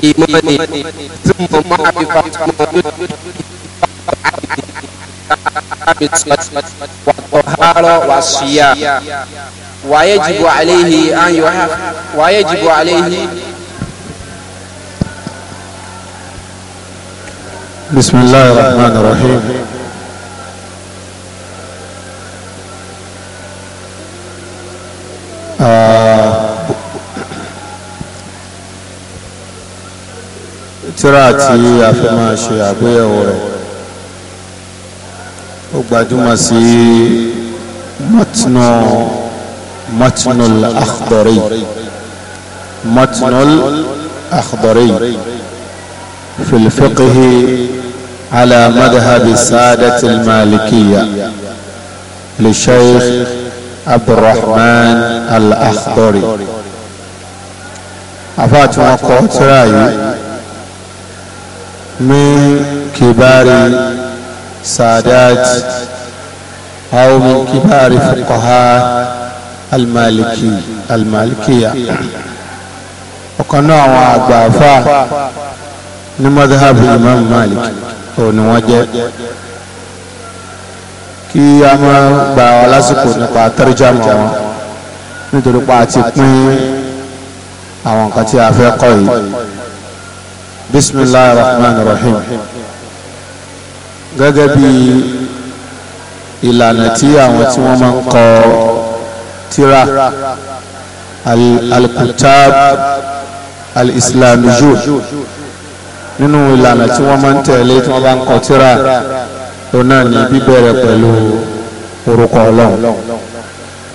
imani thumma ma'rifat wa tahara wa siya wa yajibu alayhi an yuhaf wa yajibu alayhi بسم الله الرحمن الرحيم آه tíra tí a fẹ́ máa ṣe àgbéyẹ̀wò rẹ̀ ó gbajúmọ̀ sí mọ́tínú mọ́tínú àkùdọ̀rẹ́ mọ́tínú àkùdọ̀rẹ́ في الفقه على مذهب السادة المالكية للشيخ عبد الرحمن الأخضري أفاتنا قوة رأيي من كبار سادات أو من كبار فقهاء المالكي المالكية وقنوع وعبافا لمذهب الإمام مالك ونوجه kí a máa gba ọ lásìkò nípa tẹ́rìjàmù wọn nítorí pa àti pín àwọn nǹkan tí a fẹ́ kọ́ yìí bisimilahi rahman rahim gẹ́gẹ́ bí ìlànà tí àwọn tí wọ́n máa ń kọ tírà al-kutab al-islamiyun nínú ìlànà tí wọ́n máa ń tẹ̀lé tí wọ́n bá ń kọ tírà òun ní bíbẹ̀rẹ̀ pẹ̀lú orúkọ ọlọ́run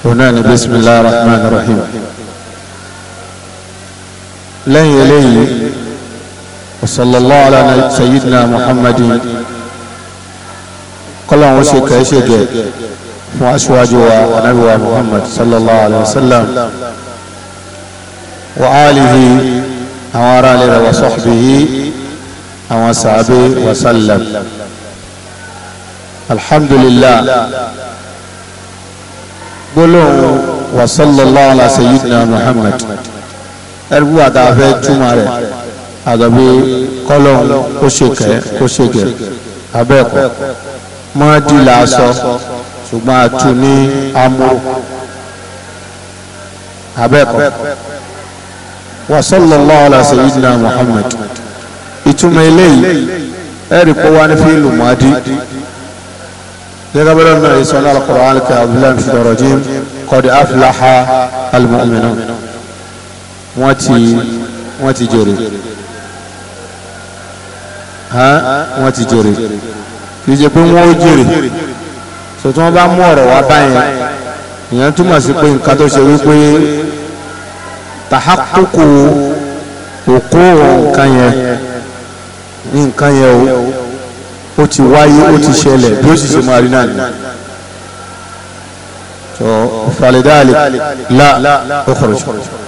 òun ní bisimilahi rahman rahim lẹ́yìn eléyìí. وصلى الله على سيدنا محمد قال وشك شك وأزواجه ونبوه محمد صلى الله عليه وسلم وآله وآله وصحبه وصحبه وسلم الحمد لله gbólóhùn wasallallahu ala sayyidina muhammad ẹrú àtàfẹ́ túmọ̀ rẹ̀ àdàbí kọ́lọ́n kó ṣèkẹ́ kó ṣèkẹ́ abẹ́ẹ̀kọ́ mọ́ọ́dì là á sọ ṣùgbọ́n a tún ní amúrò abẹ́ẹ̀kọ́ wa sallallahu ala sayyidina muhammad ìtumọ̀ eléyìí ẹ̀rì kó wá ní fílù mọ́ọ́dì gẹ́gẹ́ bẹ́ẹ̀ náà ìsọ̀nà al-Qur'an abdullahi fi dọ̀rọ̀ jí qad aflaha wọ́n ti wọ́n ti jèrè hàn wọ́n ti jèrè kì í ṣe pé wọ́n ó jèrè sọ tí wọ́n bá mú ọ̀rọ̀ wá báyẹn ìyẹn túmọ̀ sí pé nǹkan tó ṣe wípé tàhákùkù òkú nǹkan yẹn nǹkan yẹn o ó ti wáyé ó ti ṣẹlẹ̀ bí ó sì ṣe máa rí náà ni so falidali la ó kọ̀rọ̀ jù.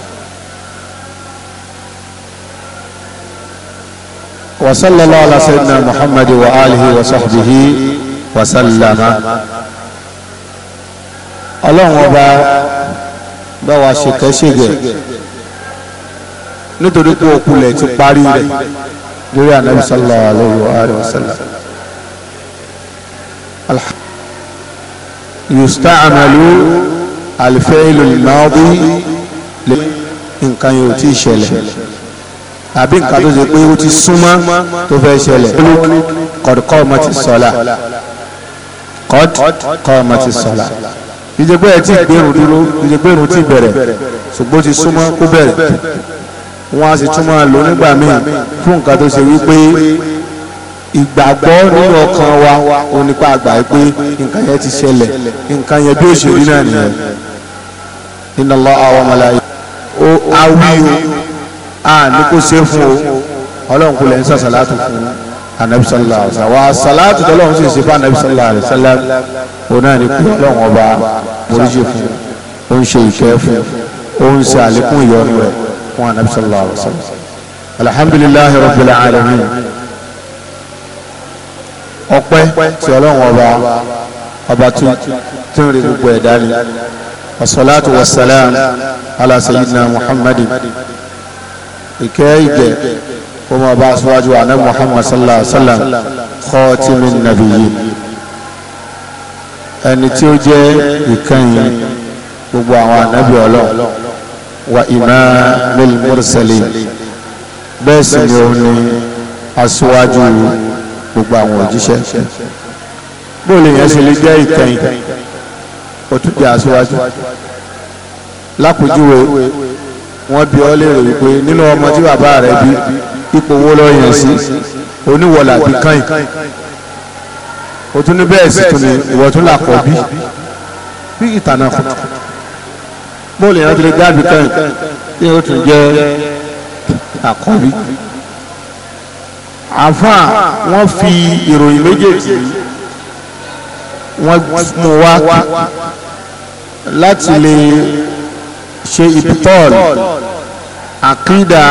وصلى الله على سيدنا محمد وآله وصحبه وسلم ọlọ́run ọba bá wa ṣèkẹ́ṣègẹ̀ nítorí pé òkulẹ̀ ti parí rẹ̀ lórí anabi sallallahu alayhi wa alihi wa sallam yusta'malu al-fi'lu al-maadi nǹkan yóò ti ṣẹlẹ̀ àbí nǹkan tó ṣe pé ó ti súnmọ́ tó fẹ́ ṣẹlẹ̀ kọ́d kọ́ ọmọ ti sọ̀la kọ́d kọ́ ọmọ ti sọ̀la ìjẹgbẹ́ ẹ̀ tí gbẹ̀rù dúró ìjẹgbẹ́ ìrùn ti bẹ̀rẹ̀ ṣùgbọ́n ti súnmọ́ kó bẹ̀rẹ̀ wọ́n á sì tún máa lò nígbà míì fún nǹkan tó ṣe wípé ìgbàgbọ́ nínú ọkàn wa ò nípa àgbà pé nǹkan yẹn ti ṣẹlẹ̀ nǹkan yẹn bí ó náà nìyẹn inna Allah àwọn ọmọláyé ó awí o. Ah, ní ah, kò ṣe fún o ọlọ́run kò lẹ́ ń sàṣàlátù fún anabi sallallahu alaihi wasallam wa salatu tọlọ́run sì ṣe fún anabi sallallahu alaihi wasallam òun náà ní kò ọlọ́run ọba oríṣi fún ó ń ṣe ìkẹ́ fún ó ń ṣe àlékún ìyọnu rẹ̀ fún anabi sallallahu alaihi rabbil alamin ọpẹ́ tí ọlọ́run ọba ọba tó rí gbogbo ẹ̀dá ni asalaatu wasalaam ala sayyidina muhammadin ìkẹ́ ìgẹ̀ kó máa bá aṣáájú àná muhammad sallallahu alaihi wa sallam khatimin nabiyyin ẹni tí ó jẹ́ ìkànnì gbogbo àwọn ànábì ọlọ́run wa imamil mursalin bẹ́ẹ̀ sì ni òun ni aṣáájú gbogbo àwọn òjíṣẹ́ bóòlù yẹn ṣe lè jẹ́ ìkànnì ó tún jẹ́ aṣáájú lápòjúwe wọ́n bi ọ́ léèrè wípé nínú ọmọ tí bàbá rẹ̀ bí ipò wo lọ yàn sí oníwọ̀lá bí káyìn o tún ní bẹ́ẹ̀ sì tún ní ìwọ tún là kọ́ bí bí ìtànà kù bóòlù yẹn ti lè dábì káyìn yẹn o tún jẹ́ àkọ́bí àfa wọ́n fi ìròyìn méjèèjì wọ́n mú wá láti lè ṣe ibitọ́ọ̀l àkídà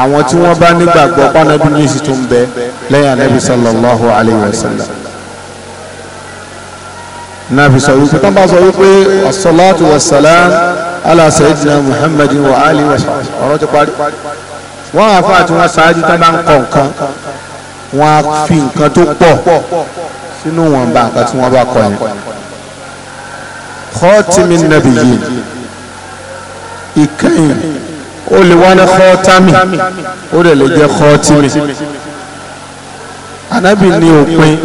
àwọn tí wọ́n bá nígbàgbọ́ pánábí ní èsì tó ń bẹ lẹ́yìn anábì sallallahu alayhi wa sallam nàbì sọ wípé tó ń bá sọ wípé asalaatu wa salam ala sayyidina muhammadin wa ali wa ọ̀rọ̀ ti parí wọ́n àfa àti wọ́n ṣáájú tó bá ń kọ nǹkan wọ́n á fi nǹkan tó pọ̀ sínú wọn bá nǹkan tí wọ́n bá kọ yẹn khatimi nabiyyin ìkẹyìn ó lè wá ní kọ́tàmì ó lè lè jẹ́ kọ́tìmì ànábì ní òpin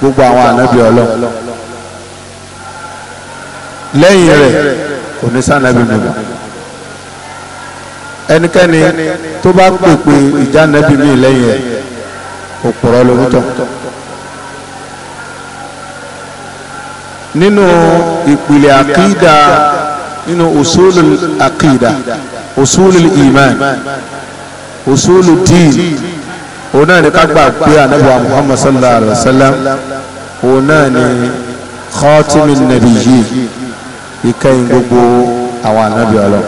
gbogbo àwọn ànábì ọlọ́run lẹ́yìn rẹ̀ kò ní sànábì mẹ́bà ẹnikẹ́ni tó bá pèpè ìjánabi mi lẹ́yìn ẹ̀ òpùrọ̀ lórúkọ nínú ìpìlẹ̀ àkídà. No, nínú usulul aqida usulul iman usulul din òun náà ni ká gbà pé anábọ̀ muhammad sallallahu alayhi wa sallam òun náà ni khatimin nabiyyin ìkẹyìn gbogbo àwọn anábì ọlọ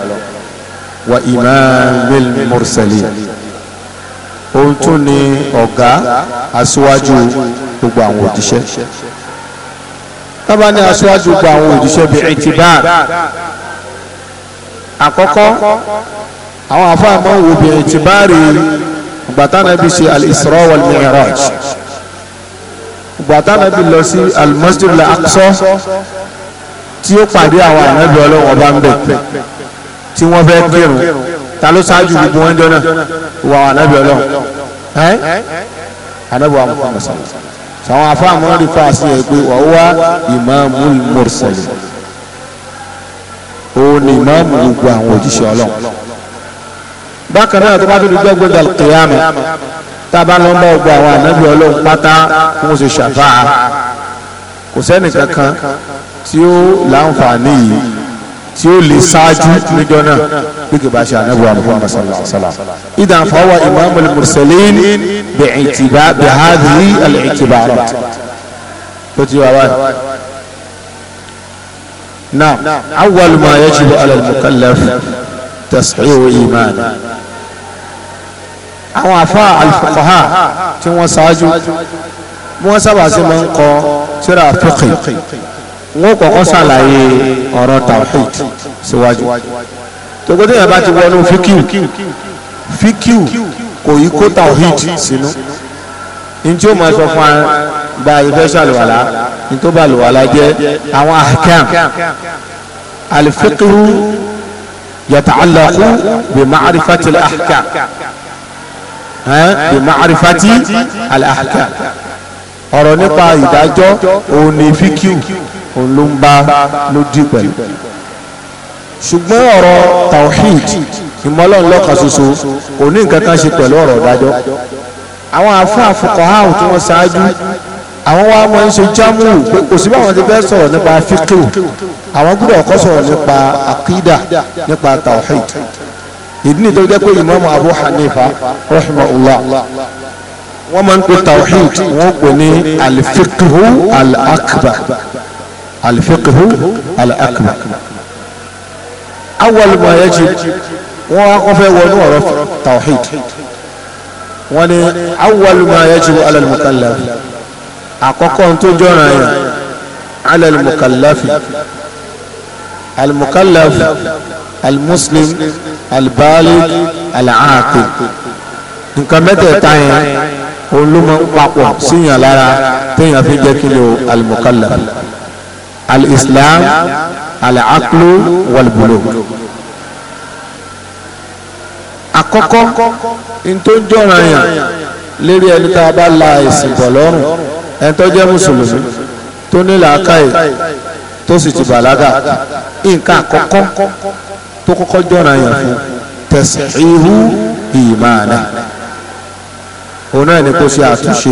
wa imamil mursalin òun tún ni ọ̀gá aṣíwájú gbogbo àwọn òjíṣẹ́ tábà ní aṣíwájú gbogbo àwọn òjíṣẹ́ bíi itibar àkọ́kọ́ àwọn àfáà máa ń wo bí ẹtì bá rí gbàtà nàbí ṣe al-Isra wal-Mi'raj gbàtà nàbí lọ sí al-Masjid al-Aqsa tí ó pàdé àwọn ànábì ọlọ́wọ́n bá ń bẹ̀ tí wọ́n fẹ́ kírun ta ló ṣáájú gbogbo wọn jọ́nà wọ àwọn ànábì ọlọ́wọ́n ẹ́ ànábì wa Muhammad sọ̀rọ̀ àwọn àfáà rí fáṣí ẹ̀ pé wà ó wá imamul mursalin ni ìmáàmù gbogbo àwọn òjíṣẹ́ ọlọ́run bákan náà tó bá tó di gbẹ́gbẹ́ gàlùkìyàmù tábà lọ bá gbogbo àwọn ànábì ọlọ́run pátá fún oṣù ṣàfáà kò sẹ́nì kankan tí ó láǹfààní yìí tí ó lè ṣáájú níjọ náà bí kò bá ṣe ànábì wa Muhammad sallallahu alaihi wasallam idan fawa imamul mursalin bi'tiba bi hadhihi al tó ti wà báyìí. نعم أول ما يجب على المكلف تصحيح إيمانه àwọn afa alifukaha tí wọ́n ṣáájú wọ́n sábà sí máa ń kọ tírà fiqh wọ́n kọ́kọ́ ṣàlàyé ọ̀rọ̀ tawhid síwájú tòkòtò yẹn bá ti wọnú fíkìw fíkìw kò yí kó tawhid sínú ní tí ó máa sọ fún wa gba ìfẹ́ ṣàlùwàlá nítorí bá àlùwàlá jẹ́ àwọn ahkam al-fiqhu yata'allaqu bi ma'rifati al-ahkam bi ma'rifati al-ahkam ọ̀rọ̀ nípa ìdájọ́ òun ní fíkìú òun ló ń bá lójú pẹ̀lú ṣùgbọ́n ọ̀rọ̀ tawhid ìmọ̀lọ́n lọ́kàn ṣoṣo ní nǹkan kan ṣe pẹ̀lú ọ̀rọ̀ ìdájọ́ àwọn àfáà fuqaha tí wọ́n ṣáájú àwọn wa máa ń ṣe jámù pé kò sí báwọn ti fẹ́ sọ̀rọ̀ nípa fíkìw àwọn gbọ́dọ̀ kọ́ sọ̀rọ̀ nípa àkídà nípa tawhid ìdí nìtọ́ jẹ́ pé Imam Abu Hanifa rahimahullah wọ́n máa ń pè tawhid wọ́n pè ní alifikihu alakbar alifikihu alakbar awal ma yajib wọ́n wọ́n fẹ́ wọnú ọ̀rọ̀ tawhid wọ́n ní awal ma yajib ala al-mukallaf àkọ́kọ́ tó jọ́ra yẹn alẹ́ almukallafi almukallaf almuslim albalig alaaki nǹkan mẹ́tẹ̀ẹ̀ta yẹn òun ló máa ń papọ̀ síyàn lára téèyàn fi jẹ́ kí ni o almukallaf alislam alaqlu walbulu àkọ́kọ́ ntó yẹn lérí ẹni tá a bá la ẹ̀sìn bọ̀ lọ́rùn ẹni tó jẹ́ mùsùlùmí tó ní làákàyè tó sì ti bàlágà nǹkan àkọ́kọ́ tó kọ́kọ́ jọ̀ràn yàn fún tẹ̀síhú ìmáàna òun náà ni kó ṣe àtúnṣe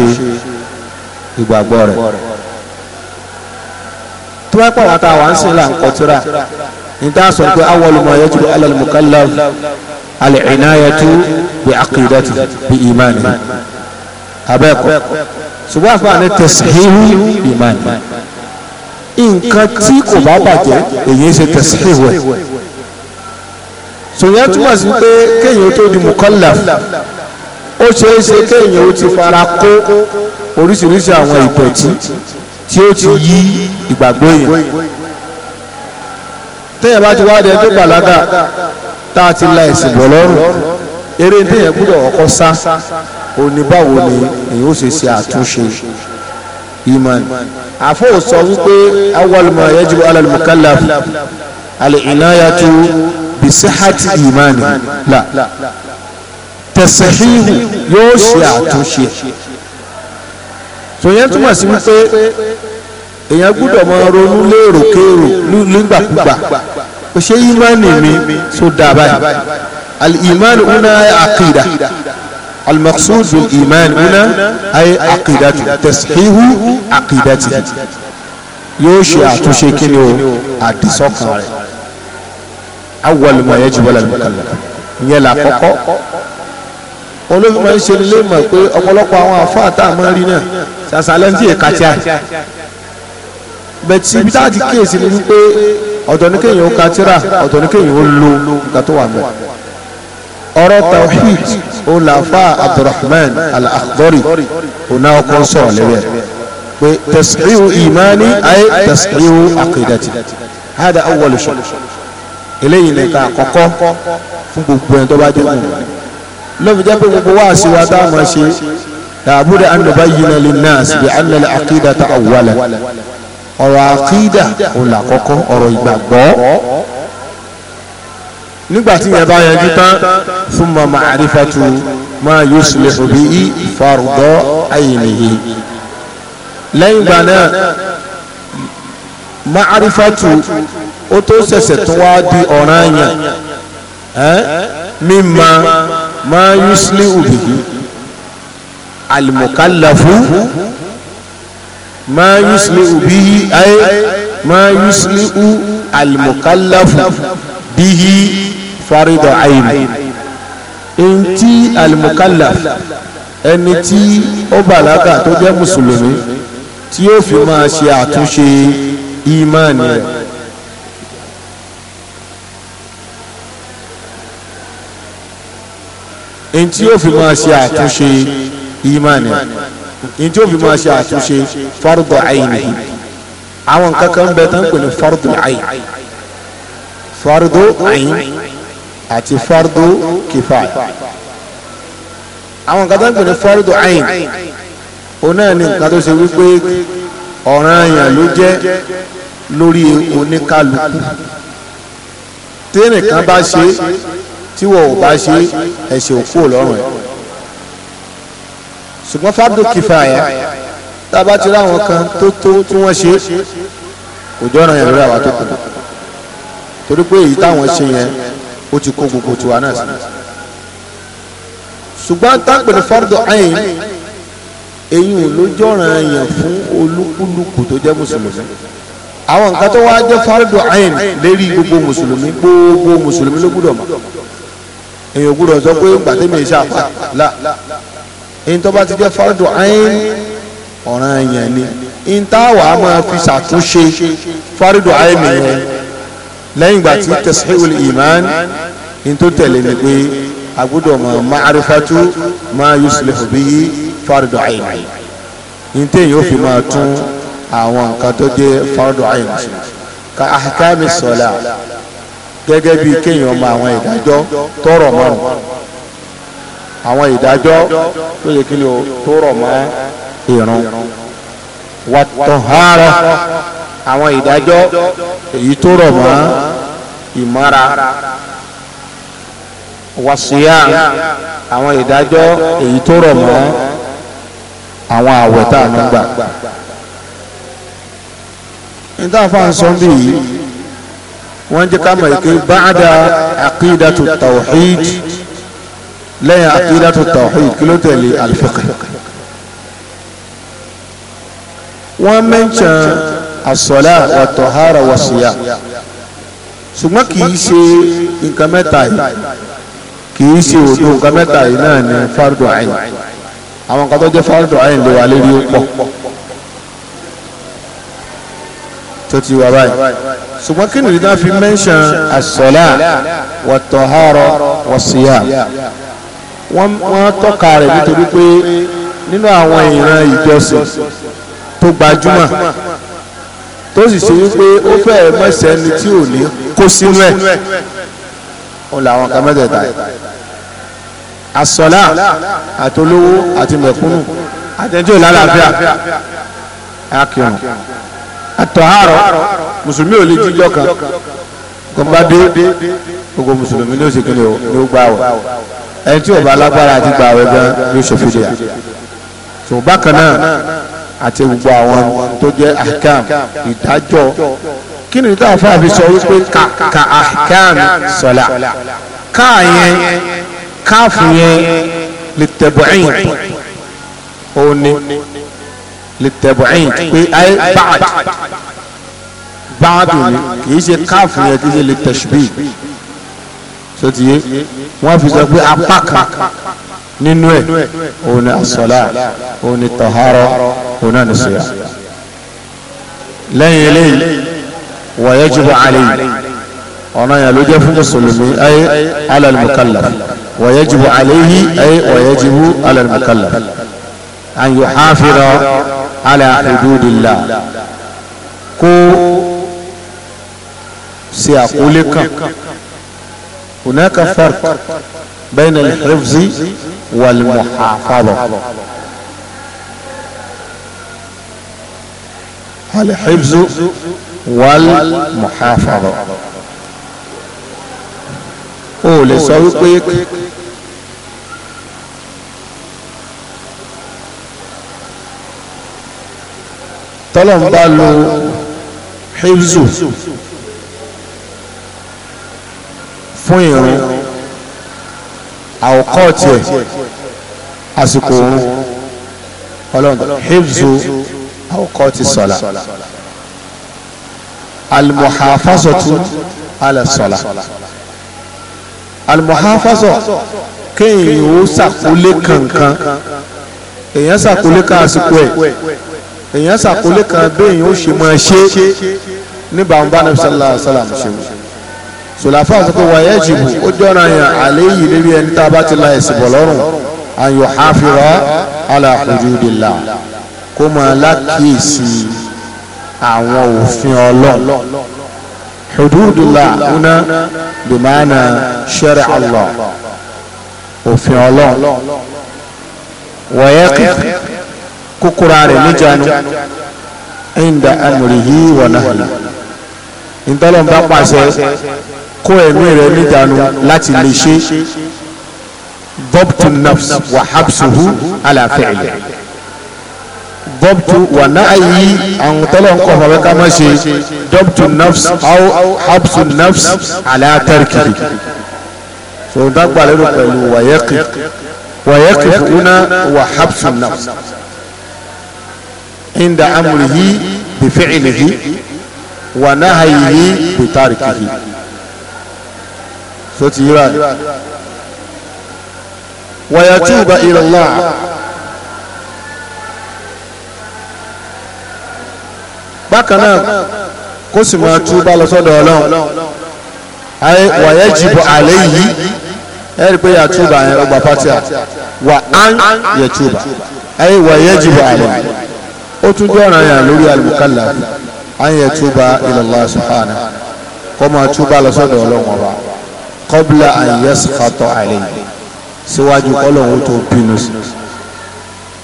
ìgbàgbọ́ rẹ̀ tó wá pọ̀ wá tá a wà ń sìn níta sọ pé awwalu ma yajibu ala al-mukallaf bi aqidati bi imani abẹ́ẹ̀kọ́ ṣùgbọ́n àfààní tẹ̀síhíhù ìmáànì nǹkan tí kò bá bàjẹ́ èyí ṣe tẹ̀síhíhù ẹ̀ sòyìn túmọ̀ sí pé kéèyàn tó di mukallaf ó ṣeé ṣe kéèyàn ó ti fara kó oríṣiríṣi àwọn ìdọ̀tí tí ó ti yí ìgbàgbọ́ èèyàn téèyàn bá ti wá dé tó gbàlágà tá a ti la ẹ̀sìn bọ̀ lọ́rùn eré téèyàn gbúdọ̀ ọkọ sá ó ní báwo ni èyí ó ṣe ṣe àtúnṣe iman àfọ sọ wípé awwal ma yajibu ala al-mukallaf al-inayatu bi sihhati imani la tẹsẹ̀híhù yóò ṣe àtúnṣe tòyẹn túmọ̀ sí wípé èèyàn gbúdọ̀ máa ronú léròkérò nígbàkúgbà kò ṣe ìmánì mi tó dáa báyìí al-imanu una aqida. المقصود بالإيمان هنا أي عقيدة تصحيح عقيدته yóò ṣe àtúnṣe kí ni أول ما rẹ̀ awwal ma yajibu ala al-mukallaf ìyẹn là kọ́kọ́ olóyún máa ń ṣe nílé mọ̀ pé ọ̀pọ̀lọpọ̀ àwọn àfáà tá a máa rí náà ṣàṣàlẹ̀ ń tí èka tí a bẹ̀ tí tá ti kíyèsí ni wípé ọ̀dọ̀ ní kéèyàn ó ka tíra ọ̀dọ̀ ní kéèyàn ó lo nǹkan tó wà mẹ́rin ọ̀rọ̀ tawhid olafa abdulrahman al-akhdari ona ọkọ sọ̀rọ̀ lẹ́wẹ̀ pé tasqiu imani ay tasqiu aqidati hada awwal shay eléyìí ni ká àkọ́kọ́ fún gbogbo ẹni tó bá dé mú lọ́bi jẹ́ pé gbogbo wáàsí wa tá a máa ṣe làbúdé an nubayyina linnas bi anna al-aqidata awwalan ọ̀rọ̀ aqida òun làkọ́kọ́ nígbàtí yẹn bá yanjú tán thumma ma'rifatu ma yuslihu bihi farda aynihi lẹ́yìn ìgbà náà ma'rifatu ó tó ṣẹ̀ṣẹ̀ tún wá di ọ̀ranyàn mímọ̀ ma yuslihu bihi al-mukallafu ma yuslihu bihi ay ma yuslihu al-mukallafu bihi fárídà àyìn ntí alimukala ẹni tí ó bàlágà tó jẹ́ mùsùlùmí tí yóò fi máa ṣe àtúnṣe ìmáànì rẹ̀. ntí yóò fi máa ṣe àtúnṣe ìmáànì rẹ̀ ntí yóò fi máa ṣe àtúnṣe fárídà àyìn yìí àwọn kankan bẹ tán pè ní fárídà àyìn fárídà àyìn àti fardu kifaya àwọn nǹkan tó ń pè ní fardu ayin òun náà ni nǹkan tó ṣe wípé ọ̀ràn àyàn ló jẹ́ lórí oníkálukú tẹ́nìkan bá ṣe tí wọ́n ò bá ṣe ẹ̀ṣẹ̀ òkú ọlọ́run ẹ̀ ṣùgbọ́n fardu kifaya tá a bá ti ráwọn kan tó tó tí wọ́n ṣe kò jọ́ràn yẹn lórí àwa tó torí pé èyí táwọn ṣe yẹn ó ti kó gbogbo tiwa náà sí ṣùgbọ́n tápẹ̀lẹ̀ fọ́rọ̀dọ̀ ẹ̀yìn ẹ̀yìn ò ló jọ̀ràn èèyàn fún olúkúlùkù tó jẹ́ mùsùlùmí àwọn nǹkan tó wáá jẹ́ fọ́rọ̀dọ̀ ẹ̀yìn lérí gbogbo mùsùlùmí gbogbo mùsùlùmí ló gbúdọ̀ mọ̀ èèyàn gbúdọ̀ sọ pé gbàtẹ́mi iṣẹ́ àpá là èyí tó bá ti jẹ́ fọ́rọ̀dọ̀ ẹ̀yìn ọ̀ràn èèyàn ni ìntàwà máa fi ṣàtúnṣe fọ́rọ̀dọ̀ ẹ̀yìn nìyẹn lẹ́yìn ìgbà tí tasihul iman ní tó tẹ̀lé ni pé a gbọ́dọ̀ mọ̀ ma'arifatu ma yuslihu bihi fardu ayin ní téèyàn ó fi máa tún àwọn nǹkan tó jẹ́ fardu ayin sí ka ahkami sọ̀la gẹ́gẹ́ bí kéèyàn mọ àwọn ìdájọ́ tọrọ mọ́rùn àwọn ìdájọ́ tó yẹ kí ni o tọrọ mọ́ ìrun wàtọ̀hárọ̀ àwọn ìdájọ́ èyí tó rọ̀ mọ́ ìmọ́ra wàsíyà àwọn ìdájọ́ èyí tó rọ̀ mọ́ àwọn àwẹ̀ tá a nígbà. níta fáwọn sọ́ńbì yìí wọ́n jẹ́ ká mọ̀ ike báàdà àkídàtú tawhid lẹ́yìn àkídàtú tawhid kí ló tẹ̀lé al wọ́n mẹ́ńtàn asọ́lá wàtọ̀hárà wàṣíyà ṣùgbọ́n kì í ṣe nǹkan mẹ́ta yìí kì í ṣe òdo nǹkan mẹ́ta yìí náà ní fardu ayin àwọn nǹkan tó jẹ́ fardu ayin lè wà lérí ó pọ̀ tó ti wà báyìí ṣùgbọ́n kí nìyí náà fi mẹ́ńṣán asọ́lá wàtọ̀hárà wàṣíyà wọ́n tọ́ka rẹ̀ nítorí pé nínú àwọn ìran ìjọsìn tó gbajúmọ̀ tó sì ṣe wípé ó fẹ́ẹ̀ mọ̀ọ́sẹ̀ ẹni tí ò ní kó sínú ẹ̀ ó làwọn kan mẹ́tẹ̀ẹ̀ta yìí àsọlá àtolówó àti mẹ̀kúnnù àtẹ̀jọ́ lálàáfíà akíọ̀n àtọ̀hárọ̀ mùsùlùmí ò lè jíjọ́ kan kọ́mbádé gbogbo mùsùlùmí ló ṣe kíni ló gbà wọ̀ ẹni tí ò bá lágbára àti gbà wẹ̀ gan ló ṣe fìdíà tó bákan náà àti gbogbo àwọn tó jẹ́ ahkam ìdájọ́ kí ni tá a fà fi sọ wípé ka ka ahkam sọlá ká yẹn káàfù yẹn lè tẹ̀bọ̀ẹ́yìn òun ni lè tẹ̀bọ̀ẹ́yìn pé ayé báàd báàdù ni kì ṣe káàfù yẹn kì ṣe lè tẹ̀síbì sotiye wọ́n fi sọ pé apá kan. ننوي اون الصلاه اون الطهاره اون الصيام ليلي ويجب علي انا يا لوجه فسلمي اي على المكلف ويجب عليه اي ويجب على المكلف ان يحافظ على حدود الله كو سيقولك هناك فرق بين الحفظ والمحافظة الحفظ والمحافظة ó lè sọ wípé tọ́lọ́n bá lo hifzu fún ìrún àwòkọ́ tiẹ̀ àsìkò òun ọlọ́run hifzu àwòkọ́ ti sọ̀la alimuhafasọ̀tù alẹ́sọ̀la alimuhafasọ̀ kéèyàn ó sàkólé kankan èèyàn sàkólé kan àsìkò ẹ̀ èèyàn sàkólé kan béèyàn ó ṣe máa ṣe níbàámu bá nàbí sallallahu ṣe wò sòlàfà sọ pé wàyẹ jìbù ó jọra yàn àléyìí lérí ẹni tá a bá ti la ẹ̀sìn bọ̀ lọ́rùn ayò hafira ala hududillah kó máa lákìísí àwọn òfin ọlọ́run hududillah una bimana shari allah òfin ọlọ́run wàyẹ kúkúra rẹ̀ níjànú inda amrihi wa nahyi ntọ́lọ́n bá pàṣẹ kó ẹ̀mí rẹ̀ níjànú láti lè ṣe dọ́bùtù nafs wà habsuhu àlàáfíà dọ́bùtù wà náàyí àwọn tọ́lọ́n kọ̀ fọwọ́ ká má ṣe dọ́bùtù nafs aw habsu nafs àlàátẹ́rìkì sọ̀rọ̀ dàgbà lérò pẹ̀lú wàyẹ́kì wàyẹ́kì fúnà wà habsu nafs inda amrihi bi fi'lihi. wà náà yìí bìtárì kìkì so ti yíra ni wa yatuba ila Allah bákan náà kó sì máa túbà lọ sọ́dọ̀ ọlọ́run ayé wa yajibu alayhi ẹ̀rí pé yatuba yẹn ọgbà wa wà án yatuba ayé wa yajibu alayhi ó tún jẹ́ ọ̀ràn yẹn lórí an yatuba ila Allah subhanahu kọma tuba lọ sọ́dọ̀ Ọlọ́run Ọba qabla an yaskhata alayhi síwájú k'Ọlọ́run tó bínú sí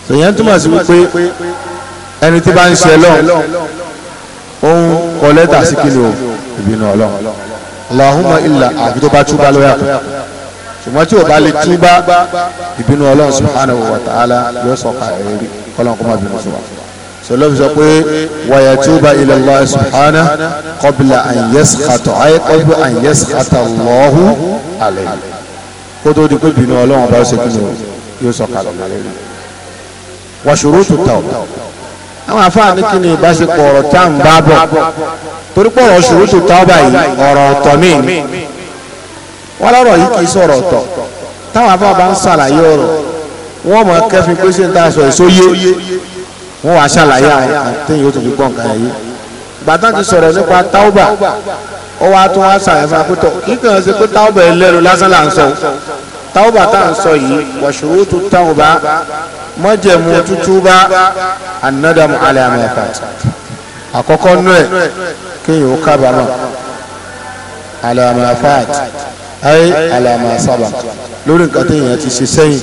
sèyàn túmọ̀ sí wípé ẹni tí bá ń ṣe lọ́n òun kọ lẹ́tà sí kí ni o ìbínú Allahumma illa àbí tó bá tuba lọ́yà kù ṣùgbọ́n tí o bá lè tuba ìbínú Ọlọ́run subhanahu wa ta'ala yóò sọ̀ka ẹ̀rí k'Ọlọ́run kó má bínú sí sọlọ́fi sọ pé wayatuba ila Allah subhanahu qabla an yaskhata ayé qabla an yaskhata Allahu alayhi kó tó di pé bínú ọlọ́run bá ṣe kúrò yóò sọ kalẹ̀ lálẹ́ rẹ̀ wa shurutu tawba àwọn afáàní kí ni ìbáṣepọ̀ ọ̀rọ̀ tá à ń bá bọ̀ torí pé ọ̀rọ̀ shurutu tawba yìí ọ̀rọ̀ ọ̀tọ̀ míì wọ́n lọ́rọ̀ yìí kì í sọ̀rọ̀ ọ̀tọ̀ táwọn afáà bá ń ṣàlàyé ọ̀rọ̀ wọ́n mọ̀ kẹfin pé ṣe ń ta aṣọ ìsóyé wọ́n wá ṣàlàyé àtẹ̀yìn ó tún fi gbọ́ nǹkan yẹn yìí gbàtà ti sọ̀rọ̀ nípa táwùbà ó wá tún wá ṣàyẹ̀fà pẹ̀tọ̀ kíkàn ṣe pé táwùbà ẹlẹ́rù lásán là ń sọ táwùbà tá à ń sọ yìí wàṣúrú tó táwùbà mọ́jẹ̀mú tútú bá anádàmú alẹ́ àmì àkọ́kọ́ nú ẹ̀ kéèyàn ó kábàámọ̀ alẹ́ àmì ayé alẹ́ àmì lórí nǹkan téèyàn ti ṣe sẹ́yìn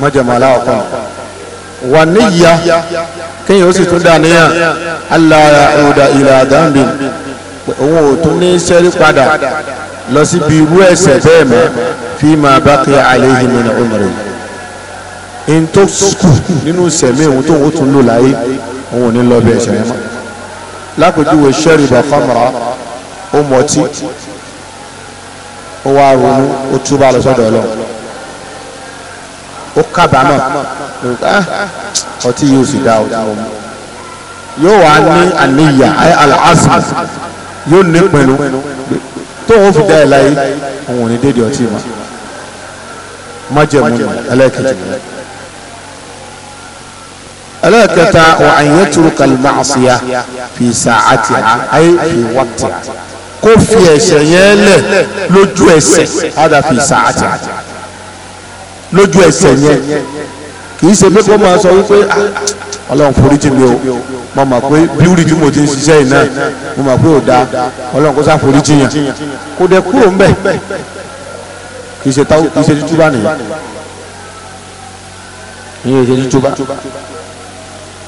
mọ́jẹ̀mú aláwọ̀ kan wà níyà kéèyàn ó sì tún dàníyàn alára ọ̀dà ìlà àdáǹbì òun ò tún ní sẹ́rí padà lọ síbi irú ẹ̀ṣẹ̀ bẹ́ẹ̀ mọ́ fi máa bá kí alayhi min umri in tó kù nínú sẹ̀mí òun tó ń tún lò láyé òun ò ní lọ bí ẹ̀ṣẹ̀ mọ́ lápèjúwe shariba khamra ó mọtí ó wá ronú ó túbà lọ Ọlọ́run ó kábàámọ̀ ah, ọtí yóò sì dá ọtí wọn yóò wá ní àníyàn alhassan yóò ní pẹ̀lú tóun fi dá ẹ̀ láyé òun ò ní dédé ọtí mọ́ májẹ̀mú ẹlẹ́kẹ̀jì mọ́ ẹlẹ́kẹta wà àyẹ̀ turu kalima àṣìyà fi sàátì ha ayé fi wàtì kó fi ẹ̀ṣẹ̀ yẹn lẹ̀ lójú ẹsẹ̀ hádà fi sàátì ha lójú ẹsẹ̀ yẹn kì í ṣe pé kó máa sọ wípé ah, ọlọ́run forí jì mí o mo mọ̀ pé bíúrì tí mo ti ń ṣiṣẹ́ yìí náà mo mọ̀ pé ò dáa ọlọ́run kó sá forí jì yàn kó dẹ kúrò ńbẹ̀ kì í ṣe táwọn kì í ṣe tútúbà nìyẹn ìyẹn ìṣe tútúbà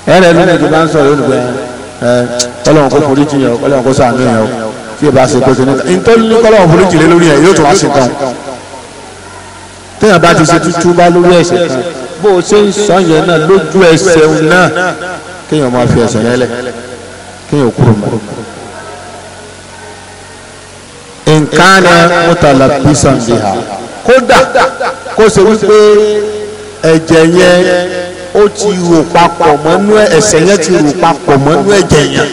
ẹ̀rẹ̀ lónìí tó bá ń sọ̀rọ̀ yóò gbẹ ẹ ọlọ́run kó forí jì yàn ọlọ́run kó sàánú yàn o tí ì bá ṣe pé kí ni ntọ́ni kọ́lọ́run forí jì lé lórí yẹn yóò tún wá ṣe tán téèyàn bá ti ṣe tútú bá lórí ẹ̀ṣẹ̀ kan bó o ṣe ń sọ yẹn náà lójú ẹsẹ̀ náà kéèyàn máa fi ẹsẹ̀ lẹ́lẹ̀ kéèyàn kúrò mọ́. nǹkanà mọ́tàlá písàn bí ha kódà kó ṣe wípé ẹ̀jẹ̀ yẹn ó ti rò papọ̀ mọ́nú ẹsẹ̀ yẹn ti rò papọ̀ mọ́nú ẹ̀jẹ̀ yẹn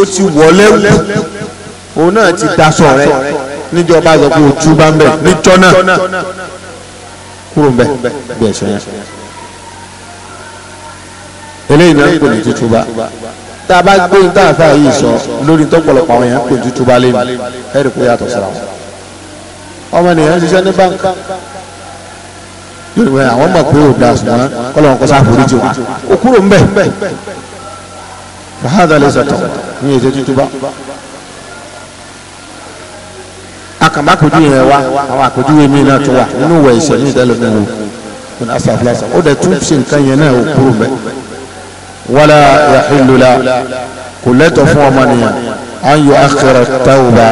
ó ti wọlé wù òun náà ti daṣọ rẹ̀ níjọ bá sọ pé òtú bá ń bẹ̀ níjọ náà kúrò ń bẹ̀ bí ẹ̀ṣẹ̀ yẹn. eléyìí náà ń pè ní títúbà tá a bá gbé ní tààfà yìí sọ lórí tọ́pọ̀lọpọ̀ àwọn èèyàn ń pè ní títúbà lẹ́nu ẹ̀rì kó yàtọ̀ síra wọn. ọmọ nìyẹn ń ṣiṣẹ́ ní báńkì yorùbá àwọn mọ̀ pé ò dáa ṣùgbọ́n kọ́lọ́wọ́n kọ́ sáà foríjì wa ó kúrò ń bẹ̀. wàhálà lè sọ̀tọ̀ ní ètò títúbà akàn bá kojú yẹn wa àwọn àpèjúwe mi náà tún wà nínú ìwẹ̀ ìṣẹ̀lẹ̀ ìdẹ́lẹ̀mí wo kò asàfilasa ó dẹ̀ tún ṣe nǹkan yẹn náà ó kúrò mẹ́. wala yahilula la kò lẹ́tọ̀ fún ọmọnìyàn an yu'akhkhira tawba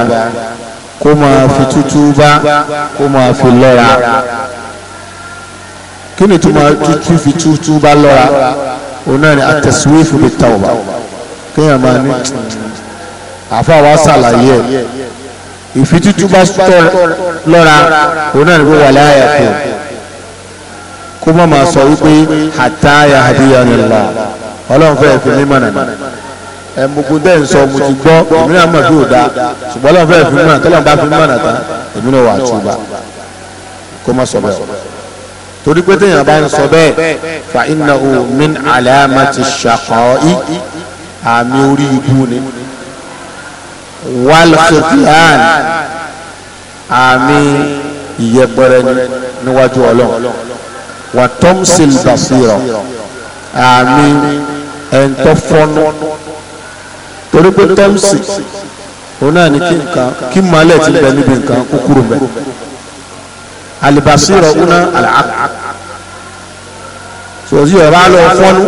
kó máa fi tútú bá kó máa fi lọ́ra kí ni tó máa tútú fi tútú bá lọ́ra òun náà ni at-taswifu bit-tawba kéèyàn máa ní àfa wa ṣàlàyé ìfitútù bá tọ́ lọ́ra òun náà níbo wà láàyè kù kó má máa sọ wípé hatta yahdiyanillah ọlọ́run fẹ́ẹ́ fi mí mọ̀nà ẹ mugun dẹ́n sọ mo ti gbọ́ èmi náà mọ̀ bí ò dáa ṣùgbọ́n ọlọ́run fẹ́ẹ́ fi mí mọ̀nà tọ́lọ́run bá fi mí mọ̀nà tán èmi náà wà á túbà kó má sọ bẹ́ẹ̀ torí pé téèyàn bá ń sọ bẹ́ẹ̀ fa innahu min alamati shaqa'i àmì orí ibu ni wàlùkìtìyàn àmì ìyẹpẹrẹ níwájú ọlọ́run wà tọ́mùsìlì bàṣírọ̀ àmì ẹ̀ńtọ́fọ́nù torí pé tọ́mùsì òun náà ní kí nǹkan kí malẹ̀ ti bẹ níbi nǹkan kúkúrú bẹ alibasirọ̀ una alaaka sòsì ọ̀rọ̀ alọ̀ fọ́nù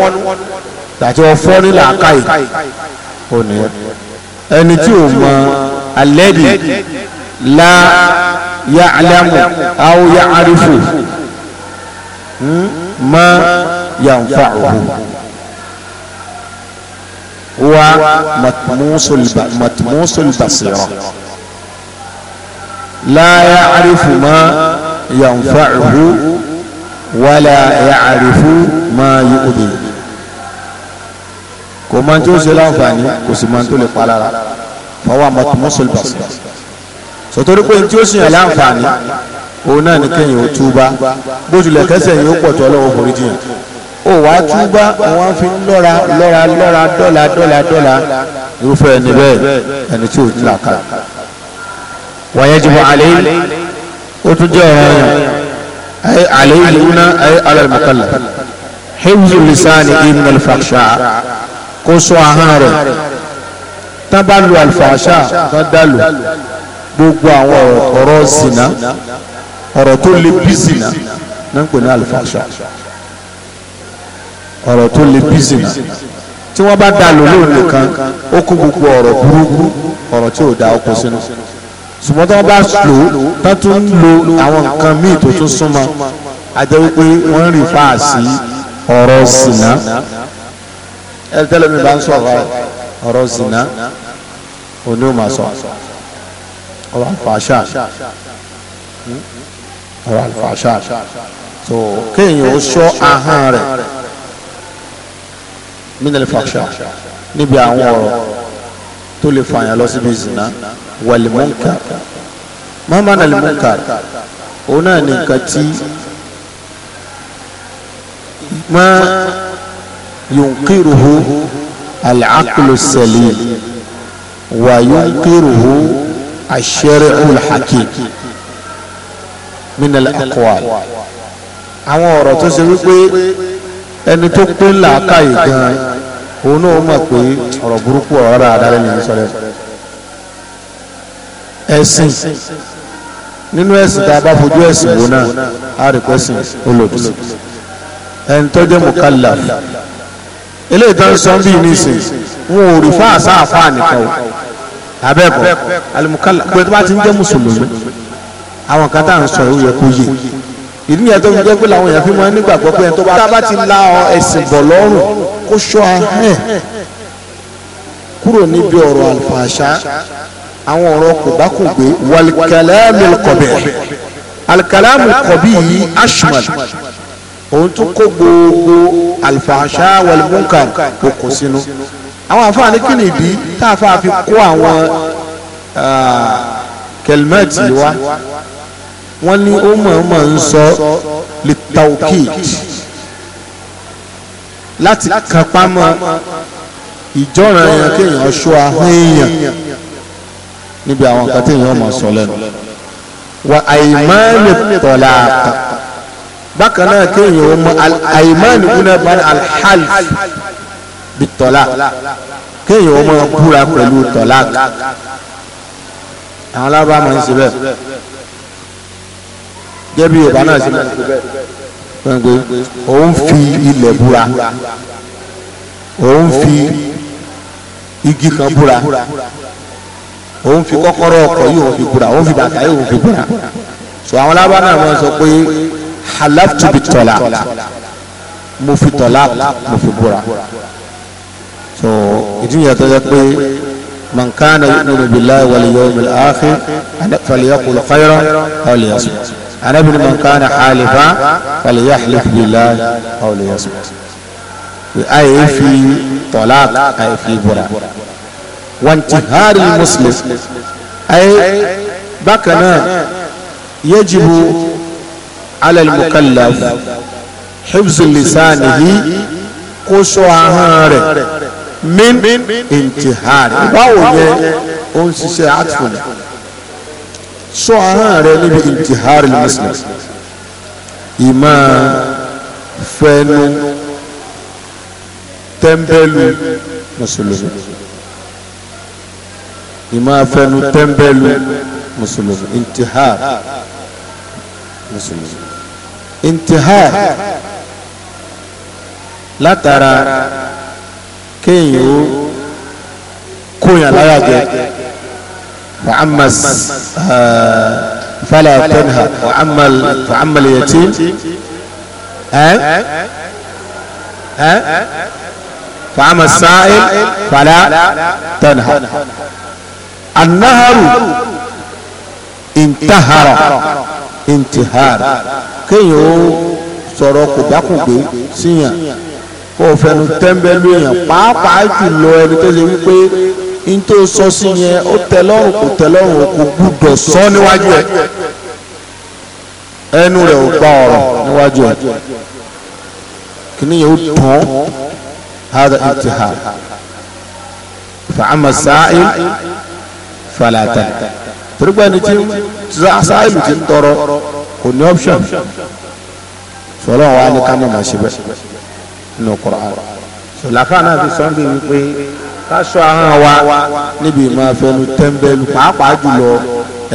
tàti ọ̀fọ́nù làákàyè òní ẹni tí ò mọ alẹ́dì la ya alamu awo ya arifu hmm, ma yanfa òhun wa matmusul basira la ya arifu ma yanfa òhun wala ya arifu ma yi obìnrin kò mọ tó ṣe láǹfààní kò sì mọ tó lè pa lára fọwọ́ àmọ́tòmọ́sọ ìbàṣẹ sọtọ́rí pé tí ó ṣe yàn láǹfààní òun náà ní kẹ́yìn ó túbá bó tilẹ̀ kẹsẹ̀ yìí ó pọ̀ tó ọlọ́wọ́ forí jìyàn ó wàá túbá wọn fi lọ́ra lọ́ra lọ́ra dọ́là dọ́là dọ́là irúfẹ́ ẹni bẹ́ẹ̀ ẹni tí ò ní làkà wàyẹ jùlọ àlẹ́ ó tún jẹ́ ọ̀rọ̀ yẹn àlẹ́ ìlú náà alẹ́ kó sọ ahọ́n rẹ̀ tán bá lu àlùfàṣà tán dá lò gbogbo àwọn ọ̀rọ̀ zina ọ̀rọ̀ tó lè bí zina náà ń pè ní àlùfàṣà ọ̀rọ̀ tó lè bí zina tí wọ́n bá dá lò lóun nìkan ó kó gbogbo ọ̀rọ̀ burúkú ọ̀rọ̀ tí ò dá ọkọ̀ sínú ṣùgbọ́n tí wọ́n bá lò tán tún lo àwọn nǹkan míì tó tún súnmọ́ a jẹ́ wọ́n rìn fáà ọ̀rọ̀ zina ẹtẹlẹ mi bá ń sọ̀rọ̀ ọ̀rọ̀ zina òní ò máa sọ ọ̀rọ̀ àlùfàṣà ọ̀rọ̀ àlùfàṣà tó kéèyàn ó sọ ahọ́n rẹ̀ mínàlẹ fàṣà níbi àwọn ọ̀rọ̀ tó lè fààyàn lọ síbi zina wàlímọ́ǹkà mọ́mọ́nà lìmọ́ǹkà òun náà ní nǹkan tí mọ́ yunkiruhu العقل السليم salim الشرع الحكيم من shariu al-hakim min al-aqwal àwọn ọ̀rọ̀ tó ṣe wípé ẹni tó pé làákàyè gan òun náà mọ̀ pé ọ̀rọ̀ burúkú ọ̀rọ̀ rà dára ìṣọ̀rẹ́ ẹ̀sìn nínú ẹ̀sìn tá a bá fojú ẹ̀sìn wò náà a rí pẹ́sìn olódùsí ẹni tó jẹ́ mukallaf eléyìí tó ń sọ bíi nísìn wọn ò rí fún àṣà àfa nìkan o abẹ́bọ̀ alimukala pé tó bá ti ń jẹ́ mùsùlùmí àwọn kan tá à ń sọ ìwé kó yé ìdí yẹn tó fi jẹ́ pé làwọn èèyàn fi mọ́ nígbàgbọ́ pé ẹni tó bá ti la ẹ̀sìn bọ̀ lọ́rùn kó ṣọ́ ahẹ́ kúrò níbi ọ̀rọ̀ àlùfàṣà àwọn ọ̀rọ̀ kò bá kò gbé wàlìkàlámù kọ̀bẹ̀ àlìkàlámù kọ̀bí yìí ashmal òun tún kó gbogbo alfàṣà wàlúmùkà kókó sínú àwọn àfààní kí ni ìdí tá a fà fi kó àwọn kẹlmẹtì wa wọn ní ó mọ̀ọ́mọ̀ ń sọ litaukid láti kápámọ́ ìjọ́ran èèyàn kéèyàn ṣọ́ ahọ́n èèyàn níbi àwọn nǹkan téèyàn mọ̀ sọ lẹ́nu wa àìmọ́ lè tọ̀lá kan bákan náà kéèyàn ó mọ àìmáàní gúnà bá ní alhalf bí tọ́lá kéèyàn ó mọ búra pẹ̀lú tọ́lá àwọn alábàá máa ń ṣe bẹ́ẹ̀ jẹ́bi yorùbá náà ṣe máa ń ṣe bẹ́ẹ̀ gbẹ̀ngbẹ̀ òun fi ilẹ̀ búra òun fi igi kan búra òun fi kọ́kọ́rọ́ ọkọ̀ yìí òun fi búra òun fi bàtà yìí òun fi búra so àwọn alábàá náà máa ń sọ pé halaftu bi tọ́lá mo fi tọ́lá mo fi búra so ìdí yẹn tó yẹ pé man kana yu'minu billahi wal yawmil akhir falyaqul khayran aw liyasmut anabi ni man kana halifa falyahlif billahi aw liyasmut ayé fi tọ́lá ayé fi búra wantihari muslim ayé bákan yajibu. على المكلف حفظ لسانه كوسو أهاره من انتهاره باو يه اون سيسي عطفنا سو أهاره نبي انتهار المسلم إما فنو تنبلو مسلم إما فنو تنبلو مسلم انتهار مسلم انتهاء لا ترى كيو كويا لا يجي وعمس آه، فلا تنهى وعمل وعمل يتيم ها ها فعم السائل فلا تنهى النهر انتهر انتهار kéèyàn ó sọ̀rọ̀ kò dákùngbé síyàn kó o fẹnu tẹ́ńbẹ́lú èèyàn pàápàá jùlọ ẹni tó ṣe wípé n tó sọ sí yẹn ó tẹ lọ́rùn kò tẹ lọ́rùn kò gbúdọ̀ sọ níwájú ẹ ẹnu rẹ̀ ò gba ọ̀rọ̀ níwájú ẹ kìnìyàn ó tán hada intiha fa'ama sa'il falata torí pé ẹni tí sa'il ti ń tọrọ kò ní option sọlọ wa ni ká mọ̀mọ́ síbẹ̀ nínú Qur'an sọláfà náà fi sọ́ńdé wípé ká sọ ahọ́n wa níbi ìmọ̀ afẹnu tẹ́ńbẹ́lú pàápàá jùlọ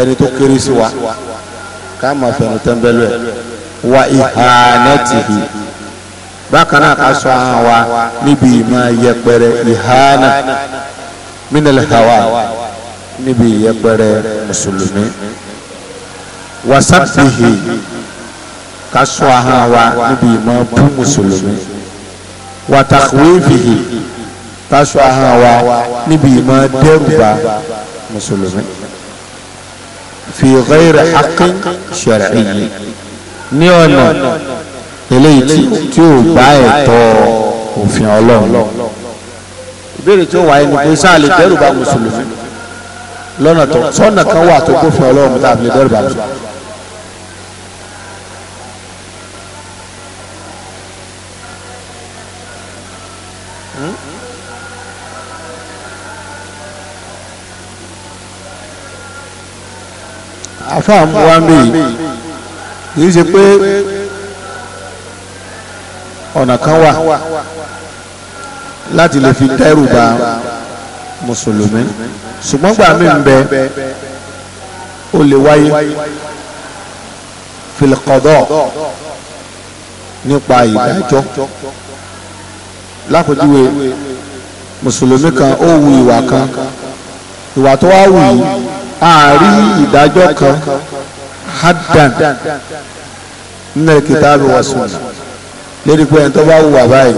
ẹni tó kéré sí wa ká mọ̀ afẹnu tẹ́ńbẹ́lú ẹ̀ wa ìhànẹ́tìhì bákan náà ká sọ ahọ́n wa níbi ìmọ̀ yẹpẹrẹ ìhánà mínàlẹ̀ níbi yẹpẹrẹ mùsùlùmí wasapihi ká sọ ahọ́n wa níbi ìmọ̀ bú mùsùlùmí watakhwifihi ká sọ ahọ́n wa níbi ìmọ̀ dẹ́rùbà mùsùlùmí fi ghayri haqqin shar'iyyi ní ọ̀nà eléyìí tí ò bá ẹ̀tọ́ òfin ọlọ́run ìbéèrè tí ó wáyé ni pé sáà lè dẹ́rùbà mùsùlùmí lọ́nà tó sọ́nà kan wà tó kófin ọlọ́run mi tàbí lẹ́dẹ́rù bàbá. àfáà mú wa mí yìí ṣe pé ọ̀nà kan wà láti lè fi dẹ́rù bà mùsùlùmí ṣùgbọ́n gbà mí ń bẹ ó lè wáyé filikọ́dọ̀ nípa ìdájọ́ lápèjúwe mùsùlùmí kan ó wu ìwà kan ìwà tó wá wù yìí àárí ìdájọ́ kan haddan nílẹ̀ kìtàbí wa sunna lérí pé ẹni tó bá wù wà báyìí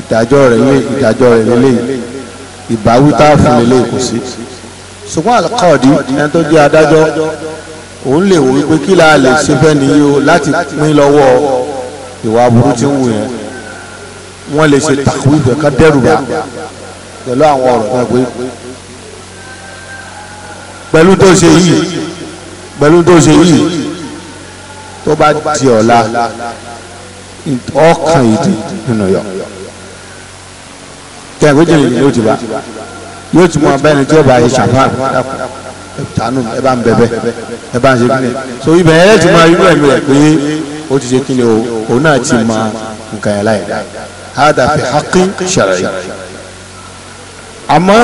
ìdájọ́ rẹ̀ lé ìdájọ́ rẹ̀ lélẹ́yìí ìbáwí tá a fún mi lè kù sí ṣùgbọ́n àkọ́ọ̀dì ẹni tó jẹ́ adájọ́ òun lè wò wípé kí la lè ṣe fẹ́ nìyí o láti pín lọ́wọ́ ìwà aburú tí ń wù yẹn wọ́n lè ṣe tàkùn ìfẹ́ ká dẹ́rùbà pẹ̀lú àwọn ọ̀rọ̀ kan pé pẹ̀lú tó ṣe yìí pẹ̀lú tó ṣe yìí tó bá di ọ̀la ọkàn ìdí nínú yọ tẹ̀wé jèrè ni yóò ti bá yóò ti mọ abẹ́ni tí ó bá yẹ ṣàfà tànù ẹ bá ń bẹ̀bẹ̀ ẹ bá ń ṣe kíni so ibẹ̀ ẹ ti máa inú ẹ̀mí rẹ̀ pé ó ti ṣe kíni o òun náà ti máa nǹkan yẹn láyé hada fi haqqi shar'i àmọ́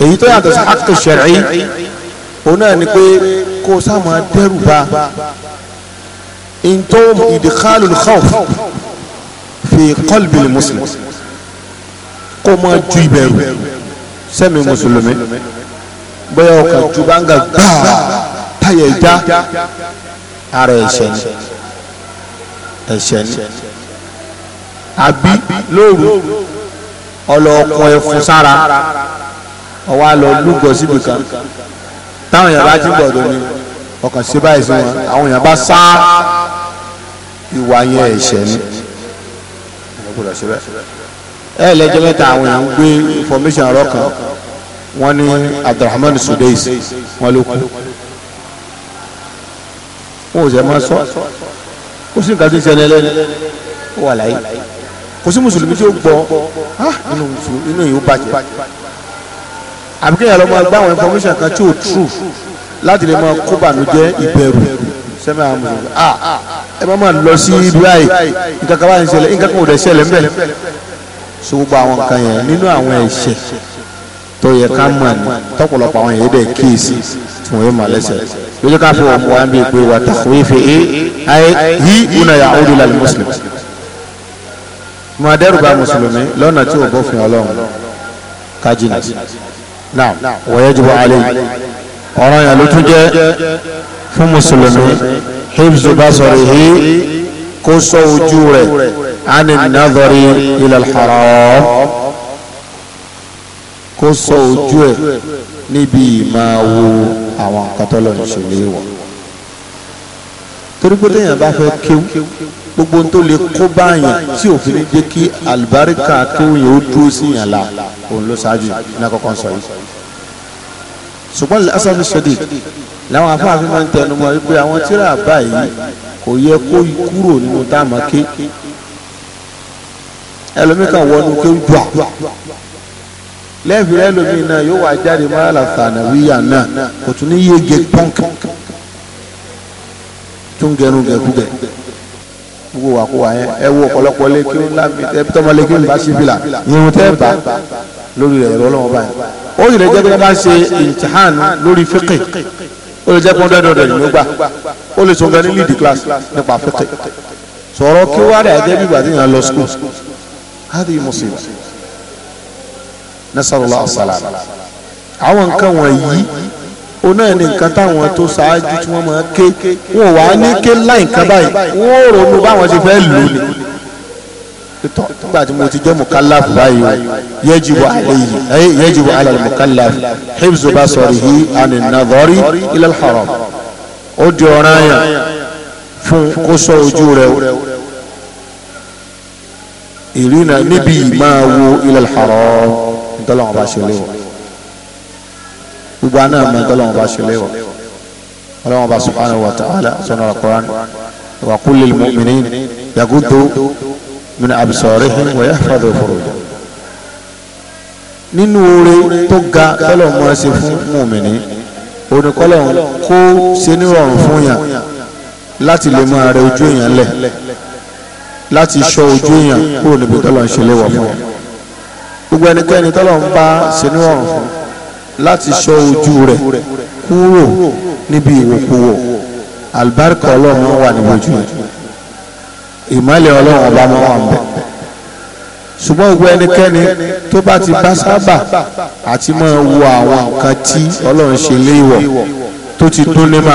èyí tó yàtọ̀ sí haqqi shar'i òun náà ni pé kó sáà dẹ́rù bá ntọ́ ìdíkàlù khawf fi qalbi muslim kó mọ ju ìbẹ̀rù sẹ́mi mùsùlùmí bóyá ọkà ju báńgà gbáà táyà ìjà ara ẹ̀ṣẹ̀ ni ẹ̀ṣẹ̀ ni àbí lóru ọlọ́ọ̀kùn ẹ̀fún sára ọwọ́ àlọ́ lúgọ̀ síbi kan táwọn èèyàn bá jí gbọ̀dọ̀ ni ọkàn sí báyìí sí wọn àwọn èèyàn bá sá ìwà yẹn ẹ̀ṣẹ̀ ni ẹ lẹ́jọ́ mẹ́ta àwọn èèyàn ń gbé information ọ̀rọ̀ kan wọ́n ní Abdulrahman Sudais wọ́n ló kú wọn ò sẹ́ máa sọ kó sí nǹkan tó ń ṣẹlẹ̀ lẹ́nu ó wà láyé kò sí mùsùlùmí tí ó gbọ́ inú mùsùlùmí inú yìí ó bàjẹ́ àbí kéèyàn lọ máa gbá àwọn information kan tí ò true láti lè máa kó bànújẹ́ ìbẹ̀rù sẹ́mi àwọn mùsùlùmí ẹ má máa lọ sí ibi báyìí nǹkan kan báyìí ń ṣẹlẹ̀ nǹkan kan ò dẹ̀ ṣẹlẹ̀ mbẹ̀ so gbogbo àwọn nǹkan yẹn nínú àwọn ẹ̀ṣẹ̀ tó yẹ ká mọ̀ ní tọ́pọ̀lọpọ̀ àwọn èyí dẹ̀ kíyèsí tí wọ́n yé mọ̀ lẹ́sẹ̀ lójú ká fi wọ́n mú wọn bí pé wà tàkùn ìfẹ́ ẹ ayé yí ìwúna yà áwùjọ lálẹ́ mùsùlùmí mọ adẹ́rùbá mùsùlùmí lọ́nà tí ò bọ́ ọlọ́run kájínà náà wọ́yẹ́ jùlọ alẹ́ yìí ọ̀ràn yẹn ló tún jẹ́ fún mùsùlùmí hibzu basorihi kó ṣọ́ ojú rẹ̀ عن النظر إلى الحرام kó sọ ojú ẹ̀ níbi máa wo àwọn nǹkan tó lọ́n ṣe léèwọ̀ torí pé téèyàn bá fẹ́ kéwú gbogbo ohun tó lè kó báyàn tí òfin ní jẹ́ kí àlùbáríkà kéwú yẹn ó dúró sí yàn la òun ló ṣáájú ní àkọ́kọ́ sọ yìí ṣùgbọ́n lásán sọ́dí làwọn afáàfin máa ń tẹnu wípé àwọn tíra báyìí kò yẹ kó kúrò nínú táàmù ké ẹlòmíì kan wọnú kéwù dùà lẹ́ẹ̀fì ẹlòmíì náà yóò wá jáde mọ́ràlá sànàwíyà náà kò tún ní yege pọ́ńkì tún gẹrun gẹkúgẹ gbogbo wa kó wa yẹn ẹ wo ọ̀pọ̀lọpọ̀ lẹ́kí ńlá mi tẹ́ tọ́mọ lẹ́kí ńlá sí fìlà irun tẹ́ bá lórí rẹ̀ ẹ̀rọ ọlọ́wọ́ báyìí ó yìí lè jẹ́ pé wọ́n bá ń ṣe ìtìhàn lórí fíkì ó lè jẹ́ pé wọ́n dẹ́dọ̀ dẹ̀ ló gbà ó lè sọ̀rọ̀ ní lead class nípa fíkì sọ̀rọ̀ kí wọ́n á dà hádìí mùsùlùmí nasarala asalaam àwọn nǹkan wọ̀nyí oná ẹni nǹkan táwọn tó ṣáájú tí wọ́n máa ké wọn ò wá ní ké láì nǹkan báyìí wọ́n ò ronú báwọn ṣe fẹ́ lò ní. ìtọ́ nígbà tí mo ti jẹ́ mukallaf báyìí o yajibu alayhi ayé yajibu ala al-mukallaf hibzu basarihi ani nadhari ila al-haram ó di ọ̀ranyàn fún kó ṣọ́ ojú rẹ̀ o ìrìnà níbi máa wo ilal haram ìtọ́lọ́wọ́n bá ṣe léwọ̀ gbogbo aná mọ̀ ìtọ́lọ́wọ́n bá ṣe léwọ̀ ọlọ́wọ́n bá subhanahu wa ta'ala sọ̀nà al-Qur'an wa qul lil mu'minina yaghuddu min absarihim wa yahfadhu furujahum nínú oore tó ga tọ́lọ̀ mọ́ ẹ ṣe fún mùmìnì oníkọ́lọ̀ kó ṣe nírọ̀rùn fún yàn láti lè máa rẹ ojú èèyàn lẹ̀ láti sọ ojú èèyàn kúrò níbi tọ́lọ̀ ń ṣẹlẹ̀ wọ̀ fún gbogbo ẹnikẹ́ni tọ́lọ̀ ń bá sínú ọ̀rùn fún láti sọ ojú rẹ̀ kúrò níbi ìwòkuwò àlùbáríkà ọlọ́run wà níbi ojú rẹ̀ ìmọ̀lẹ̀ ọlọ́run ọba mọ́ wà ń bẹ̀ ṣùgbọ́n gbogbo ẹnikẹ́ni tó bá ti bá sábà àti máa wo àwọn nǹkan tí ọlọ́run ṣe léèwọ̀ tó ti dún ní ma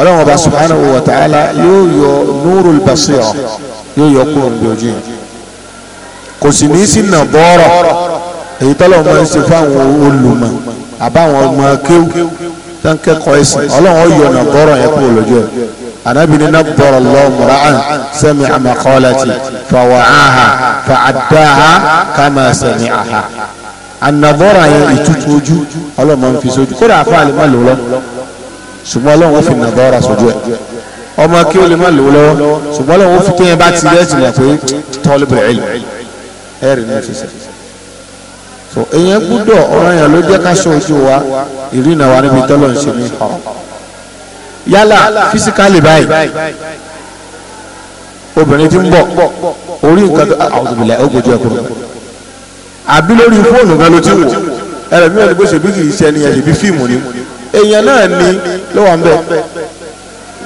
ọlọ́run ọba subhanahu wa ta'ala yóò yọ nurul basira yóò yọ kúrò níbi ojú yẹn kò sì ní sí nà bọ́ọ̀rọ̀ èyí tọ́lọ̀ máa ń ṣe fáwọn olùmọ̀ àbáwọn ọmọ kéwù tó ń kẹ́kọ̀ọ́ ẹ̀sìn ọlọ́run ó yọ nà bọ́ọ̀rọ̀ yẹn kúrò lójú ẹ̀ anabi ni nabdara allah mura'an sami'a maqalati fawa'aha fa'addaha kama sami'aha anabọ́ra yẹn ìtutù ojú ọlọ́run máa ń fi sójú kódà àfa má lò lọ ṣùgbọ́n ọlọ́run ó fi nàbọ́ra sójú ẹ̀ ọmọ kí o lè má lòó lọ́wọ́ ṣùgbọ́n lọ́wọ́ fi kéèyàn bá ti lẹ́sìn lọ pé tọ́lùbù ẹ̀lì ẹ̀rì ní ìfisẹ̀. so èèyàn gbúdọ̀ ọ̀rọ̀ yẹn ló jẹ́ ká ṣe ojú wa ìrìnà wa níbi tọ́lọ̀ ń ṣe ní ọ̀rọ̀. yálà físíkálì báyìí obìnrin ti ń bọ̀ orí nǹkan tó àwọn òbí lẹ̀ ó gbójú àbí lórí fóònù gan ló ti wò ẹ̀rọ mi ò ní bó ṣe bí kì í ṣe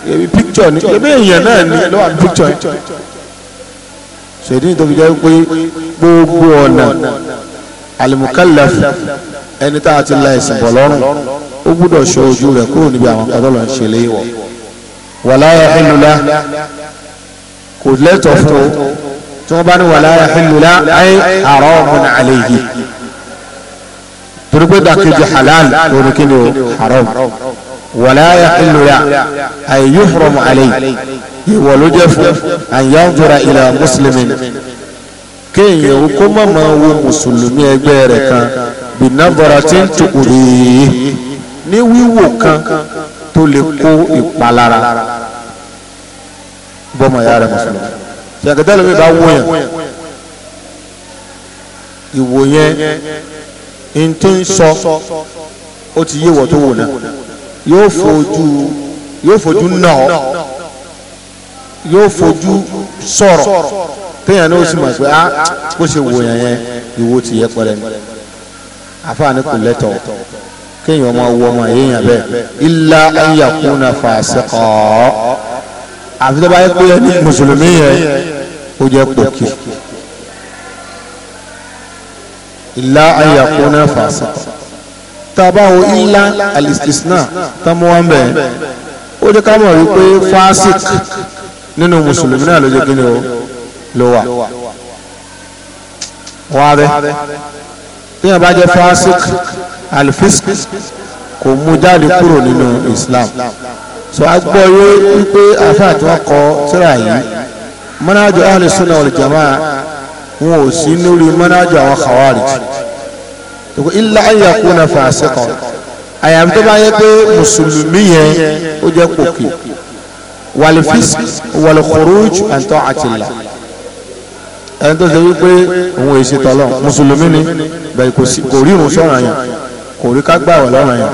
ebi picture ni ebi èèyàn náà ni ló wà ní picture yẹn ṣèdí nítorí jẹ́ pé gbogbo ọ̀nà alimukallaf ẹni tá a ti la ẹ̀sìn bọ̀ lọ́rùn ó gbúdọ̀ ṣọ́ ojú rẹ̀ kúrò níbi àwọn akọ́lọ́ ń ṣe léèwọ̀ wàláyà ìlúlá kò lẹ́tọ̀ fún o tí wọ́n bá ní wàláyà ìlúlá ayé àrọ́ ọ̀mùn àlẹ́ yìí torí pé dàkejì halal lórí ni o haram. haram. ولا يحل له أن يحرم عليه يولجف أن ينظر إلى مسلم كي يقوم ما هو مسلم يجارك بنظرة تؤذيه ní wíwò kan tó lè kó ìpalára bọ́mọ ìyá rẹ̀ mùsùlùmí ṣàkẹ́tẹ́ lómi bá wọ̀nyàn ìwòyẹn ní tó ń sọ ó ti yéwọ̀ tó wò náà yóò fojú yóò fojú nà ọ́ yóò fojú sọ̀rọ̀ téèyàn náà sì mọ̀ pé á ah, kó ṣe wò yẹn yẹn ìwo ti yẹ pẹ̀lẹ́ ni àfààní kò lẹ́tọ̀ kéèyàn máa wọ ọmọ èèyàn bẹ́ẹ̀ illa an yakuna fasiqa àfi tó bá yẹ pé ẹni mùsùlùmí yẹn ó jẹ́ pòkì illa an yakuna fasiqa tabawo illa alistisna tamu wa mbẹ ó jẹ́ ká mọ̀ wípé fásik nínú mùsùlùmí náà ló jẹ́ kí ni o ló wà wá rẹ téèyàn bá jẹ́ fásik alifisk kò mú jáde kúrò nínú islam so a gbọ́ yé wípé àfáà tí wọ́n kọ síra yìí mọ́nájú ahlu sunna wal wọn ò sí lórí mọ́nájú àwọn khawarij illa an yakuna fasiqan àyàfi tó bá yẹ pé mùsùlùmí yẹn ó jẹ́ pòkì wàlífíìsì wàlíkùrúj an ta'atillah ẹni tó ṣe wípé òun èsì tọ́lọ̀ mùsùlùmí ni bẹ́ẹ̀ kò rí irun sọ̀rọ̀ yẹn kò rí kágbà wà lọ́rọ̀ yẹn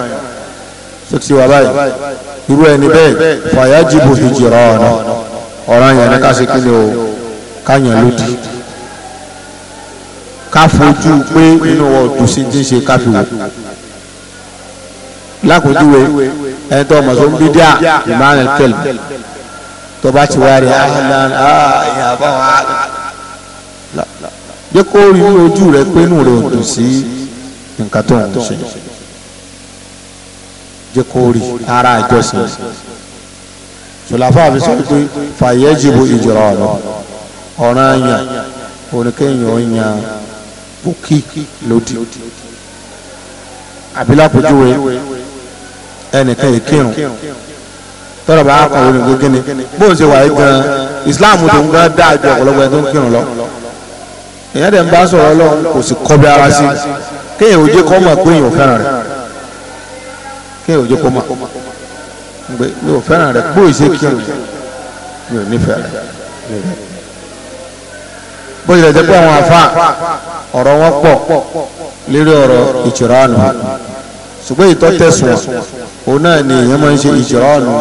tó ti wà báyìí irú ẹni bẹ́ẹ̀ fàyàjìbò hijrana ọ̀rọ̀ yẹn ní ká ṣe kí ni o ká yàn lódì ká fojú pé inú wọn kò sí ti ṣe káfí wò lákòójúwe ẹni tó mọ̀ tó ń bí díà emmanuel kelm tó bá ti wá rí ahlan ah, ìyàbọ̀ wa jẹ́ kó rí ojú rẹ pé inú rẹ ò dùn sí nǹkan tó ń ṣe jẹ́ kó rí ara àjọsìn sọláfà fi sọ pé fàyẹ́jìbò ìjọra ọ̀rọ̀ ọ̀ràn yàn oníkẹ́yìn ọ̀yàn òkè lòdì àbílápòjúwe ẹnìkan ìkírun tọrọ bá kàwé ní gbogbo ní bó ń ṣe wáyé gan Islam tó ń gan dáa ju ọ̀pọ̀lọpọ̀ ẹni tó ń kírun lọ èèyàn dẹ̀ ń bá sọ̀rọ̀ Ọlọ́run kò sì kọ́bí ara sí kéèyàn ò jẹ́ kọ́ mọ̀ pé èèyàn fẹ́ràn rẹ̀ kéèyàn ò jẹ́ kọ́ mọ̀ gbé mi ò fẹ́ràn rẹ̀ bó ìṣe kírun mi ò nífẹ̀ẹ́ rẹ̀ bó ìṣe jẹ́ pé àwọn afa ọ̀rọ̀ wọn pọ̀ lérí ọ̀rọ̀ ìjìránù ṣùgbọ́n ìtọ́tẹ̀sùn òun náà ni èèyàn máa ń ṣe ìjìránù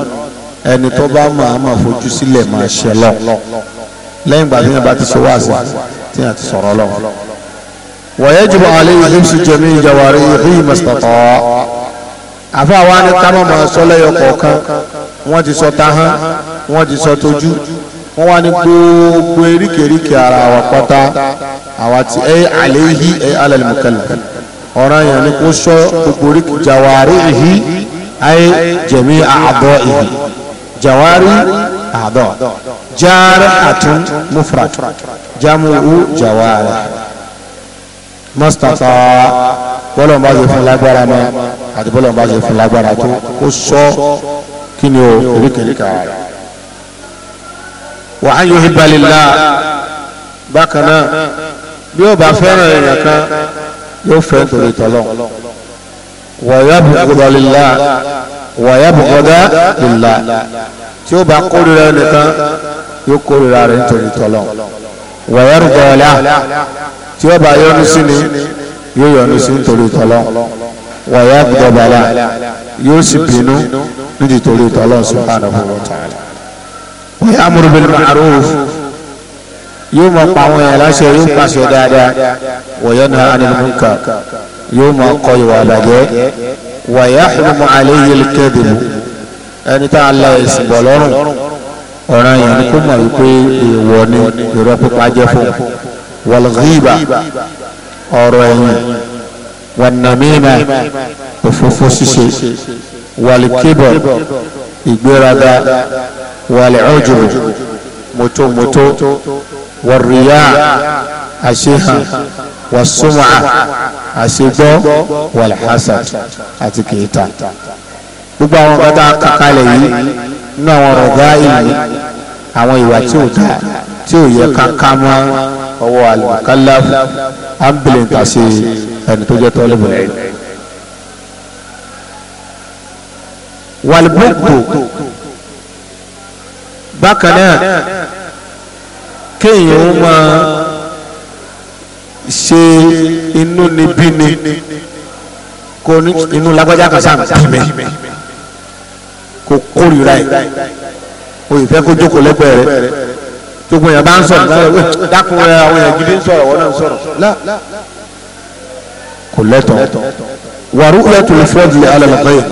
ẹni tó bá máa máa fojú sílẹ̀ máa ṣe lọ lẹ́yìn ìgbà tí yẹn bá ti ṣe wáàsí tí yẹn ti sọ̀rọ̀ lọ. wọ̀nyẹ́jú alẹ́ yìí ṣe jẹ̀mí ìjàwárí yìí mọ̀sítọ̀tọ̀ àfa wa ni ká máa sọ lẹ́yọ kọ̀ọ̀kan wọ́n ti sọ tahán wọ́n ti sọ tójú wọ́n wá ní gbogbo eríkèríkè ara wa pátá àwa ti ẹ àléhí ẹ alẹ́lẹ́mọ̀kẹ́lẹ́ ọ̀ràn yẹn ni kó sọ gbogbo oríkè jàwárí ìhí ayé jẹ̀mí àádọ́ ìhí jàwárí àádọ́ járe àtún mufrat jámùú jàwárí mọ́sítàfà bọ́lọ̀ bá ṣe fún lágbára mọ́ àti bọ́lọ̀ bá ṣe fún lágbára tó kó sọ kí ni o eríkèríkè ara wà á yóò balẹ̀ la bákan náà bí ó bá fẹ́ràn èèyàn kan yóò fẹ́ nítorí tọ́lọ́ wà yá bùkúdà lílá wà yá bùkúdà lílá tí ó bá kórìíra nìkan yóò kórìíra rẹ̀ nítorí tọ́lọ́ wà yá tí ó bá yọ́nú sí ni yóò yọ́nú sí nítorí tọ́lọ́ wà yá yóò sì bínú nítorí tọ́lọ́ subhanahu wa ta'ala ya'muru bil ma'ruf yóò máa pa àwọn èèyàn láṣẹ yóò pàṣẹ dáadáa wa yanha 'anil munkar yóò máa kọ ìwà àbàjẹ́ wa yahrumu 'alayhi al-kadhib ẹni tá a la ẹ̀sìn bọ̀ lọ́rùn ọ̀ràn yẹn kó mọ̀ wípé èèwọ̀ ni irọ́ pípa jẹ́ fún wal ọ̀rọ̀ ẹ̀yìn wan òfófó ṣíṣe wal ìgbéraga. والعجب متو متو والرياء أشيها والسمعة أشيبو والحسد أتكيتا gbogbo àwọn ọba tá a kà kalẹ̀ yìí nínú àwọn ọ̀rọ̀ dáìlì àwọn ìwà tí ò dáa tí ò yẹ ká ká mọ́ ọwọ́ ambulance àti ẹni tó jẹ́ tọ́lẹ̀bù rẹ̀ bákan náà kéèyàn ó máa ṣe inú níbí ni kò ní inú lágbájá kan sáà bí mi kò kórìíra ẹ̀ o ì fẹ́ kó jókòó lẹ́gbẹ̀ẹ́ rẹ̀ tókun yẹn bá ń sọ̀rọ̀ báyọ̀ dákun rẹ̀ àwọn yẹn gidi ń sọ̀rọ̀ wọ́n náà ń sọ̀rọ̀ kò lẹ́tọ̀ wàrú lẹ́tọ̀ lè fọ́ọ̀dù alẹ́ lọ́gbẹ́yẹ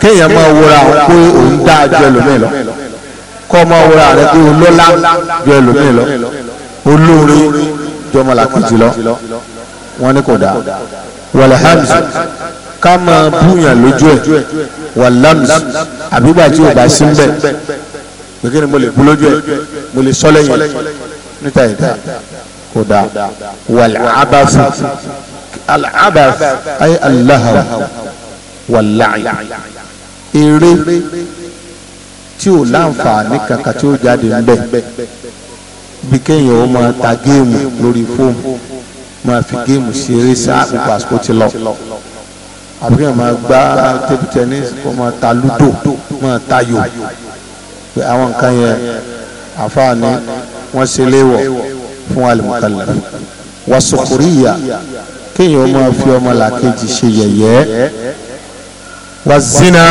kéèyàn máa wọra pé òun dáa jẹ́ lómi lọ kọ́ ọmọ wúra rẹ pé olólá ju ẹlòmíì lọ olóore ju ọmọlàkejì lọ wọ́n ní kò dáa wàlẹ́hàmsì ká máa búyàn lójú ẹ̀ wàlámsì àbígbà tí ò bá sí ń bẹ̀ pé kí ni mo lè bú lójú ẹ̀ mo lè sọ lẹ́yìn níta ìta kò dáa wàlábàfù alábàfù ayé aláhàwù wàláyà eré tí ò láǹfààní kankan tí ó jáde ńbẹ bí kéèyàn ó máa ta géèmù lórí fóònù máa fi géèmù ṣeré sáà pípa àsìkò ti lọ àbí kéèyàn máa gbá tébù tẹnísì kó máa ta lúdò máa tayò pé àwọn nǹkan yẹn àfààní wọn ṣe léèwọ̀ fún alimukalla wasukuriya kéèyàn ó máa fi ọmọ làkejì ṣe yẹ̀yẹ́ wazina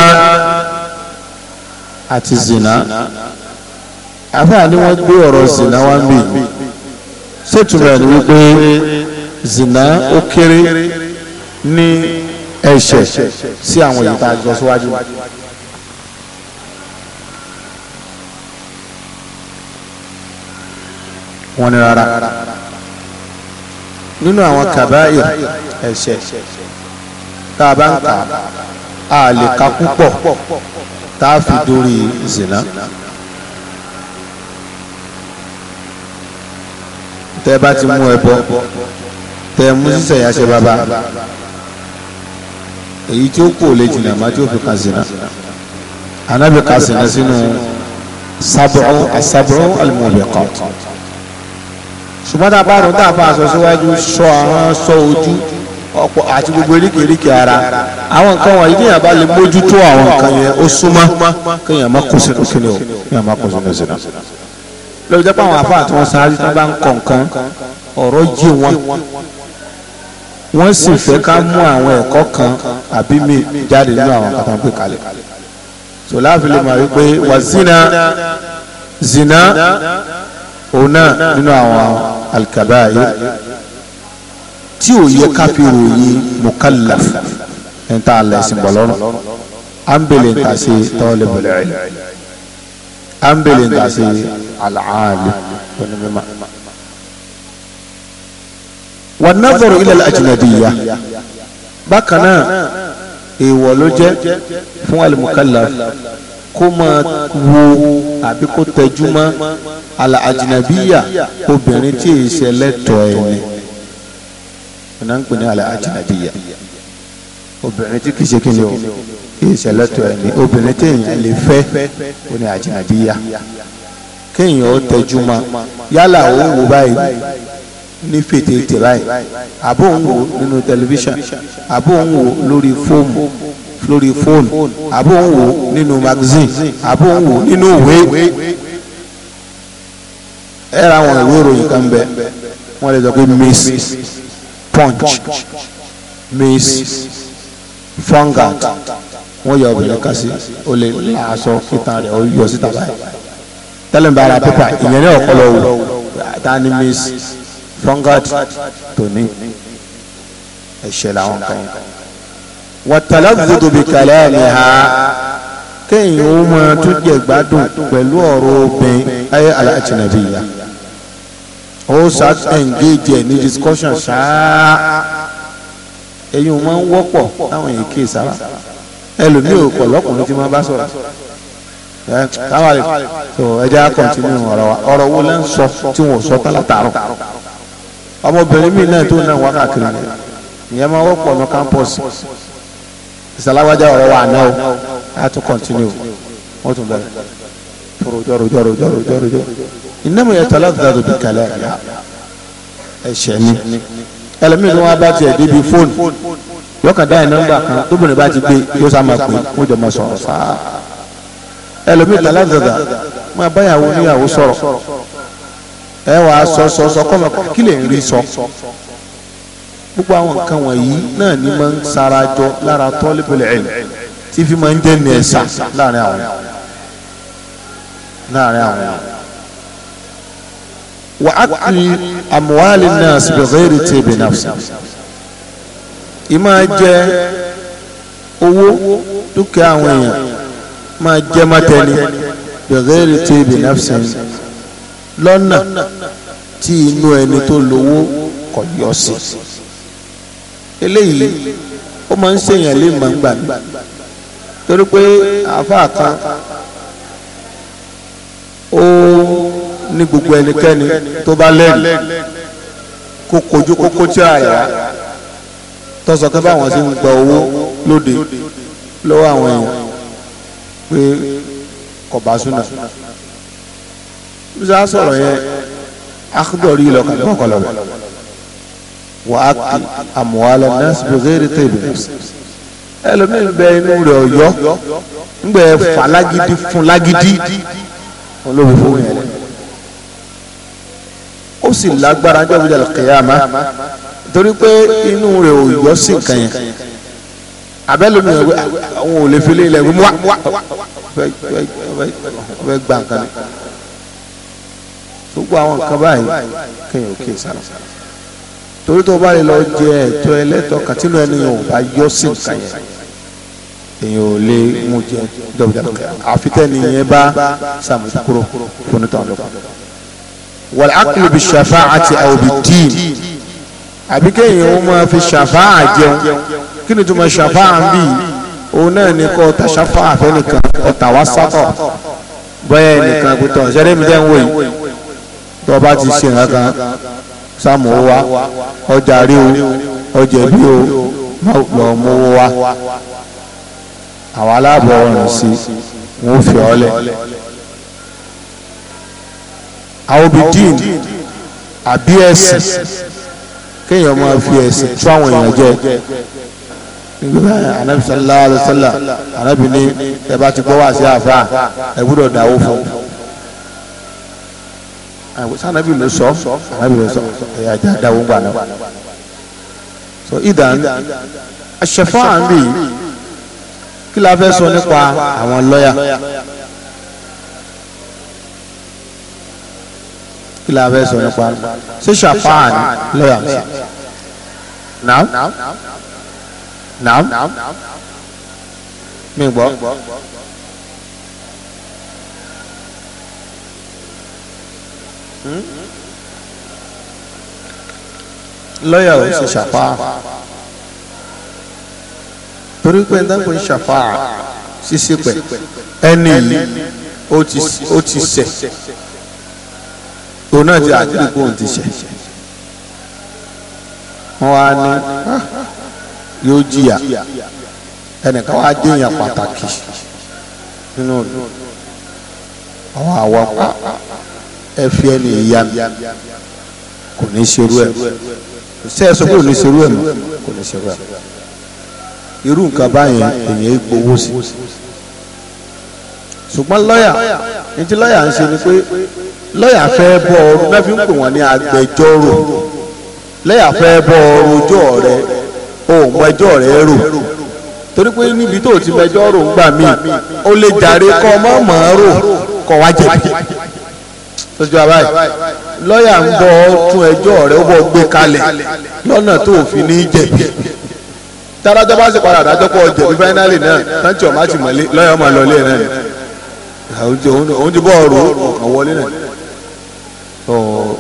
àti zina àbáà ni wọ́n gbé ọ̀rọ̀ zina wá ń bì ṣètùmọ̀ ni wípé zina ó kéré ní ẹ̀ṣẹ̀ sí àwọn èyí tá a jọ síwájú. wọ́n ní rárá nínú àwọn kàbáyà ẹ̀ṣẹ̀ tá a bá ń kà á lè ka púpọ̀ tá a fi dórí zina. tẹ bá ti mú ẹbọ tẹ mú sísẹ yà ṣe bàbá èyí tí ó kú ò lè jìnnà má tí ó fi kà zina anabi kà zina sínú sábọ̀ asábọ̀ alimọ̀bẹ̀kọ̀ ṣùgbọ́n tá a bá rún tá a bá aṣọ síwájú sọ àwọn sọ ojú ọ̀pọ̀ àti gbogbo eríkèéríkèé ara àwọn nǹkan wọ̀nyí ní yàrá lè mójútó àwọn nǹkan yẹn ó súnmọ́ kéèyàn má kó sínú kíni o kéèyàn má kó sínú sínú. lórí jẹ́pọ̀ àwọn afáà tí wọ́n sáájú tí wọ́n bá ń kọ̀ nǹkan ọ̀rọ̀ yé wọn wọ́n sì fẹ́ ká mú àwọn ẹ̀kọ́ kan àbí mi jáde nínú àwọn kàtà ń pè kalẹ̀ sọlá fi lè wípé wà zina zina òun náà nínú àwọn alikabaayé tí ò yẹ ká fi ròyìn mukallaf ní ta àlẹ́ ìsìn bọ̀ lọ́rùn à ń bèlè nǹkan sí tọ́lẹ̀ bẹ̀rẹ̀ à ń bèlè nǹkan onímọ̀. wà nàzọrọ ilẹ̀ àjùmọ̀dìyà bákan náà èèwọ̀ ló jẹ́ fún alimukallaf kó máa wo àbí kó tẹjú mọ́ àlà obìnrin tí èèṣẹ́ lẹ́tọ̀ọ́ ẹni ọ̀nà ń pè ní àlẹ́ àjàdìyà obìnrin tí kì í ṣe kí ni o ìṣẹ̀lẹ̀ tó ẹ̀ ní obìnrin tí èèyàn lè fẹ́ ó ní àjàdìyà kéèyàn ó tẹjú mọ́ yálà ó wò báyìí ní fètè tìráì àbó ń wò nínú tẹlifíṣàn àbó ń wò lórí fóònù lórí fóònù àbó ń wò nínú magazine àbó ń wò nínú ìwé ẹ ra àwọn ìwé ìròyìn kan bẹ wọn lè sọ pé miss punch maize fungal wọ́n yọ ọbẹ̀ ká sí o lè la aṣọ ìtàn rẹ̀ o yọ síta báyìí tẹ́lẹ̀ ń bá ara pépà ìyẹn ní ọ̀pọ̀lọ wò ta ni maize fungal tòní ẹ̀ṣẹ̀ làwọn kan wàtàlá gbọdọ bí kàlẹ́ àmì ha kéèyàn ó mọ tó jẹ gbádùn pẹ̀lú ọ̀rọ̀ obìnrin ayé aláàtúnàbí yá ó ṣá engage in ní discussion ṣáá ẹ̀yin ò máa ń wọ́pọ̀ táwọn èèyàn kéè sára ẹlòmíì ò pọ̀ lọ́kùnrin tí máa bá sọ̀rọ̀ táwa lè tó ẹja continue ọ̀rọ̀ wa ọ̀rọ̀ wo lẹ́ ń sọ tí wọ́n sọ tálátàárọ̀ ọmọbìnrin mi náà tó náà wákàkiri ìyẹn máa wọ́pọ̀ ní campus ìsàlágbájá ọ̀rọ̀ wa àná o have to continue wọ́n tún bẹ̀rẹ̀ rojọ́ rojọ́ rojọ́ rojọ́ rojọ́ ìnáwó yẹn tọ́lá dàdó bí kálẹ̀ ẹ̀ṣẹ̀ ni ẹlẹ́mìí ni wọ́n bá tiẹ̀ débi fóònù yọkàn dá ẹ̀ nọ́mbà kan tóbìnrin bá ti gbé yóò sá máa pè kó jọ máa sọ̀rọ̀ sáà ẹlòmíì tàlá dàdà máa báyàwó níyàwó sọ̀rọ̀ ẹ wà á sọ sọ sọ kọ́mọ kí lè rí sọ gbogbo àwọn nǹkan wọ̀nyí náà ni máa ń sarajọ lára tọ́lẹ́bẹ̀lẹ̀ ẹ̀ tí fi máa ń jẹ́ ní ẹ̀sà láàrin àwọn láàrin àwọn wà á kiri àmúhálì náà sibẹ̀rẹ̀ ti bẹ̀ náà sọ. ìmọ̀ jẹ owó dúkìá àwọn èèyàn máa jẹ mọ́tẹ́ni bẹ̀rẹ̀ ti bẹ̀ náà sọ tí inú ẹni tó lówó kò yọ sí. eléyìí ó máa ń ṣèyàn lè máa torí pé àáfàá kan ó. Oh, ní gbogbo ẹnikẹ́ni tó bá lẹ́nu kó kojú kókó tí a yá tọ́sọ kí báwọn ṣe ń gba owó lóde lọ́wọ́ àwọn èèyàn pé kọ̀bá súnà musa sọ̀rọ̀ yẹn akudọ̀rí lọ́kàn lọ́kọ̀lọ́ wà á kí àmúhálà nọ́ọ̀sì bẹ̀rẹ̀ tẹ̀lé ẹlòmíràn bẹ inú rẹ̀ ọ̀yọ́ ń gbẹ falagidi fún lagidi olóòfò yẹn lẹ́yìn ó sì lágbára jọ́ bíi alkiyama torí pé inú rẹ̀ ò yọ sí nǹkan yẹn abẹ́lẹ́ mi àwọn ò lè fi lé ilẹ̀ wí wá fẹ́ gba nǹkan ni gbogbo àwọn nǹkan báyìí kéèyàn ò kí sára torí tó bá lè lọ jẹ ẹ̀tọ́ ẹlẹ́tọ́ kàtínú ẹni yẹn ò bá yọ sí nǹkan yẹn èyàn ò lè mú jẹ dọ̀bìdàbìdà àfitẹ́ni yẹn bá sàmùtúkúrò fúnitọ́ ọ̀dọ́kọ̀ wal aklu bi shafa'ati aw bi din àbí kéèyàn ó máa fi ṣàfáà jẹun kí ni tó máa ṣàfáà ń bì òun náà ní kọ́ ọ̀tà ṣàfáà fẹ́nìkan ọ̀tà wá sátọ̀ bọ́yá ẹnìkan gbọ́tọ̀ ṣẹ́rẹ́ mi dẹ́n wòye tó o bá ti ṣe nǹkan kan sáàmù ó wá ọjà rí o ọjà bí o lọ mú o wá àwọn aláàbọ̀ ọ̀rùn sí wọn ò fi ọ́ lẹ̀ àwòbídìn àbí ẹ̀sìn kéèyàn máa fi ẹ̀sìn tú àwọn èèyàn jẹ anabi sallallahu alayhi wa sallam anabi ni ẹ bá ti gbọ́ wá sí àfa ẹ gbúdọ̀ dáwó fún sanabi ló sọ anabi ló sọ ẹ ajá dáwó gbà náà so idan aṣẹfọ́ àmì kí la fẹ́ sọ nípa àwọn lọ́yà. kí la fẹ́ sọ nípa ṣé ṣàfáà ni lọ́yà mi sí. naam naam mi gbọ́. Hmm? lọ́yà ò ṣe ṣàfáà torí pé ẹ̀dá kò ń ṣàfáà ṣíṣe pẹ̀ ẹni yìí ó ti ṣẹ̀ òun náà ti àdúgbò kóun ti ṣẹ̀ wọ́n wá ní ah, yóò jìyà ẹnìkan wá déyàn pàtàkì nínú àwọn àwọn ah, ah, ẹ fi ẹni ìyá mi kò ní ṣerú ẹ ṣe é sọ pé kò ní ṣerú ẹ mọ kò ní ṣerú ẹ irú nǹkan báyìí èèyàn gbowó sí ṣùgbọ́n lọ́yà ní tí lọ́ọ̀yà ń ṣe ni pé lọ́ọ̀yà fẹ́ bọ́ ọrùn náà fi ń pè wọ́n ní agbẹjọ́rò lọ́ọ̀yà fẹ́ bọ́ ọrùn ọjọ́ rẹ òun mọ ẹjọ́ rẹ rò torí pé níbi tó ti mẹjọ́ rò ń gbà mí ó lè jàre kọ́ mọ́ mọ́ rò kọ́ wá jẹ̀bi tọ́jú abáyé lọ́ọ̀yà ń bọ́ tún ẹjọ́ rẹ ó bọ́ gbé kalẹ̀ lọ́nà tó òfin ní jẹ̀bi tádájọ́ bá sì padà dájọ́ pọ̀ jẹ̀bi fáínálì náà táǹtì ọ̀ má ti mọ̀lé lọ́ọ̀yà ọmọ lọ́ọ̀lẹ́ náà òun ti bọ́ ọ̀rọ̀ ọ̀kan wọlé náà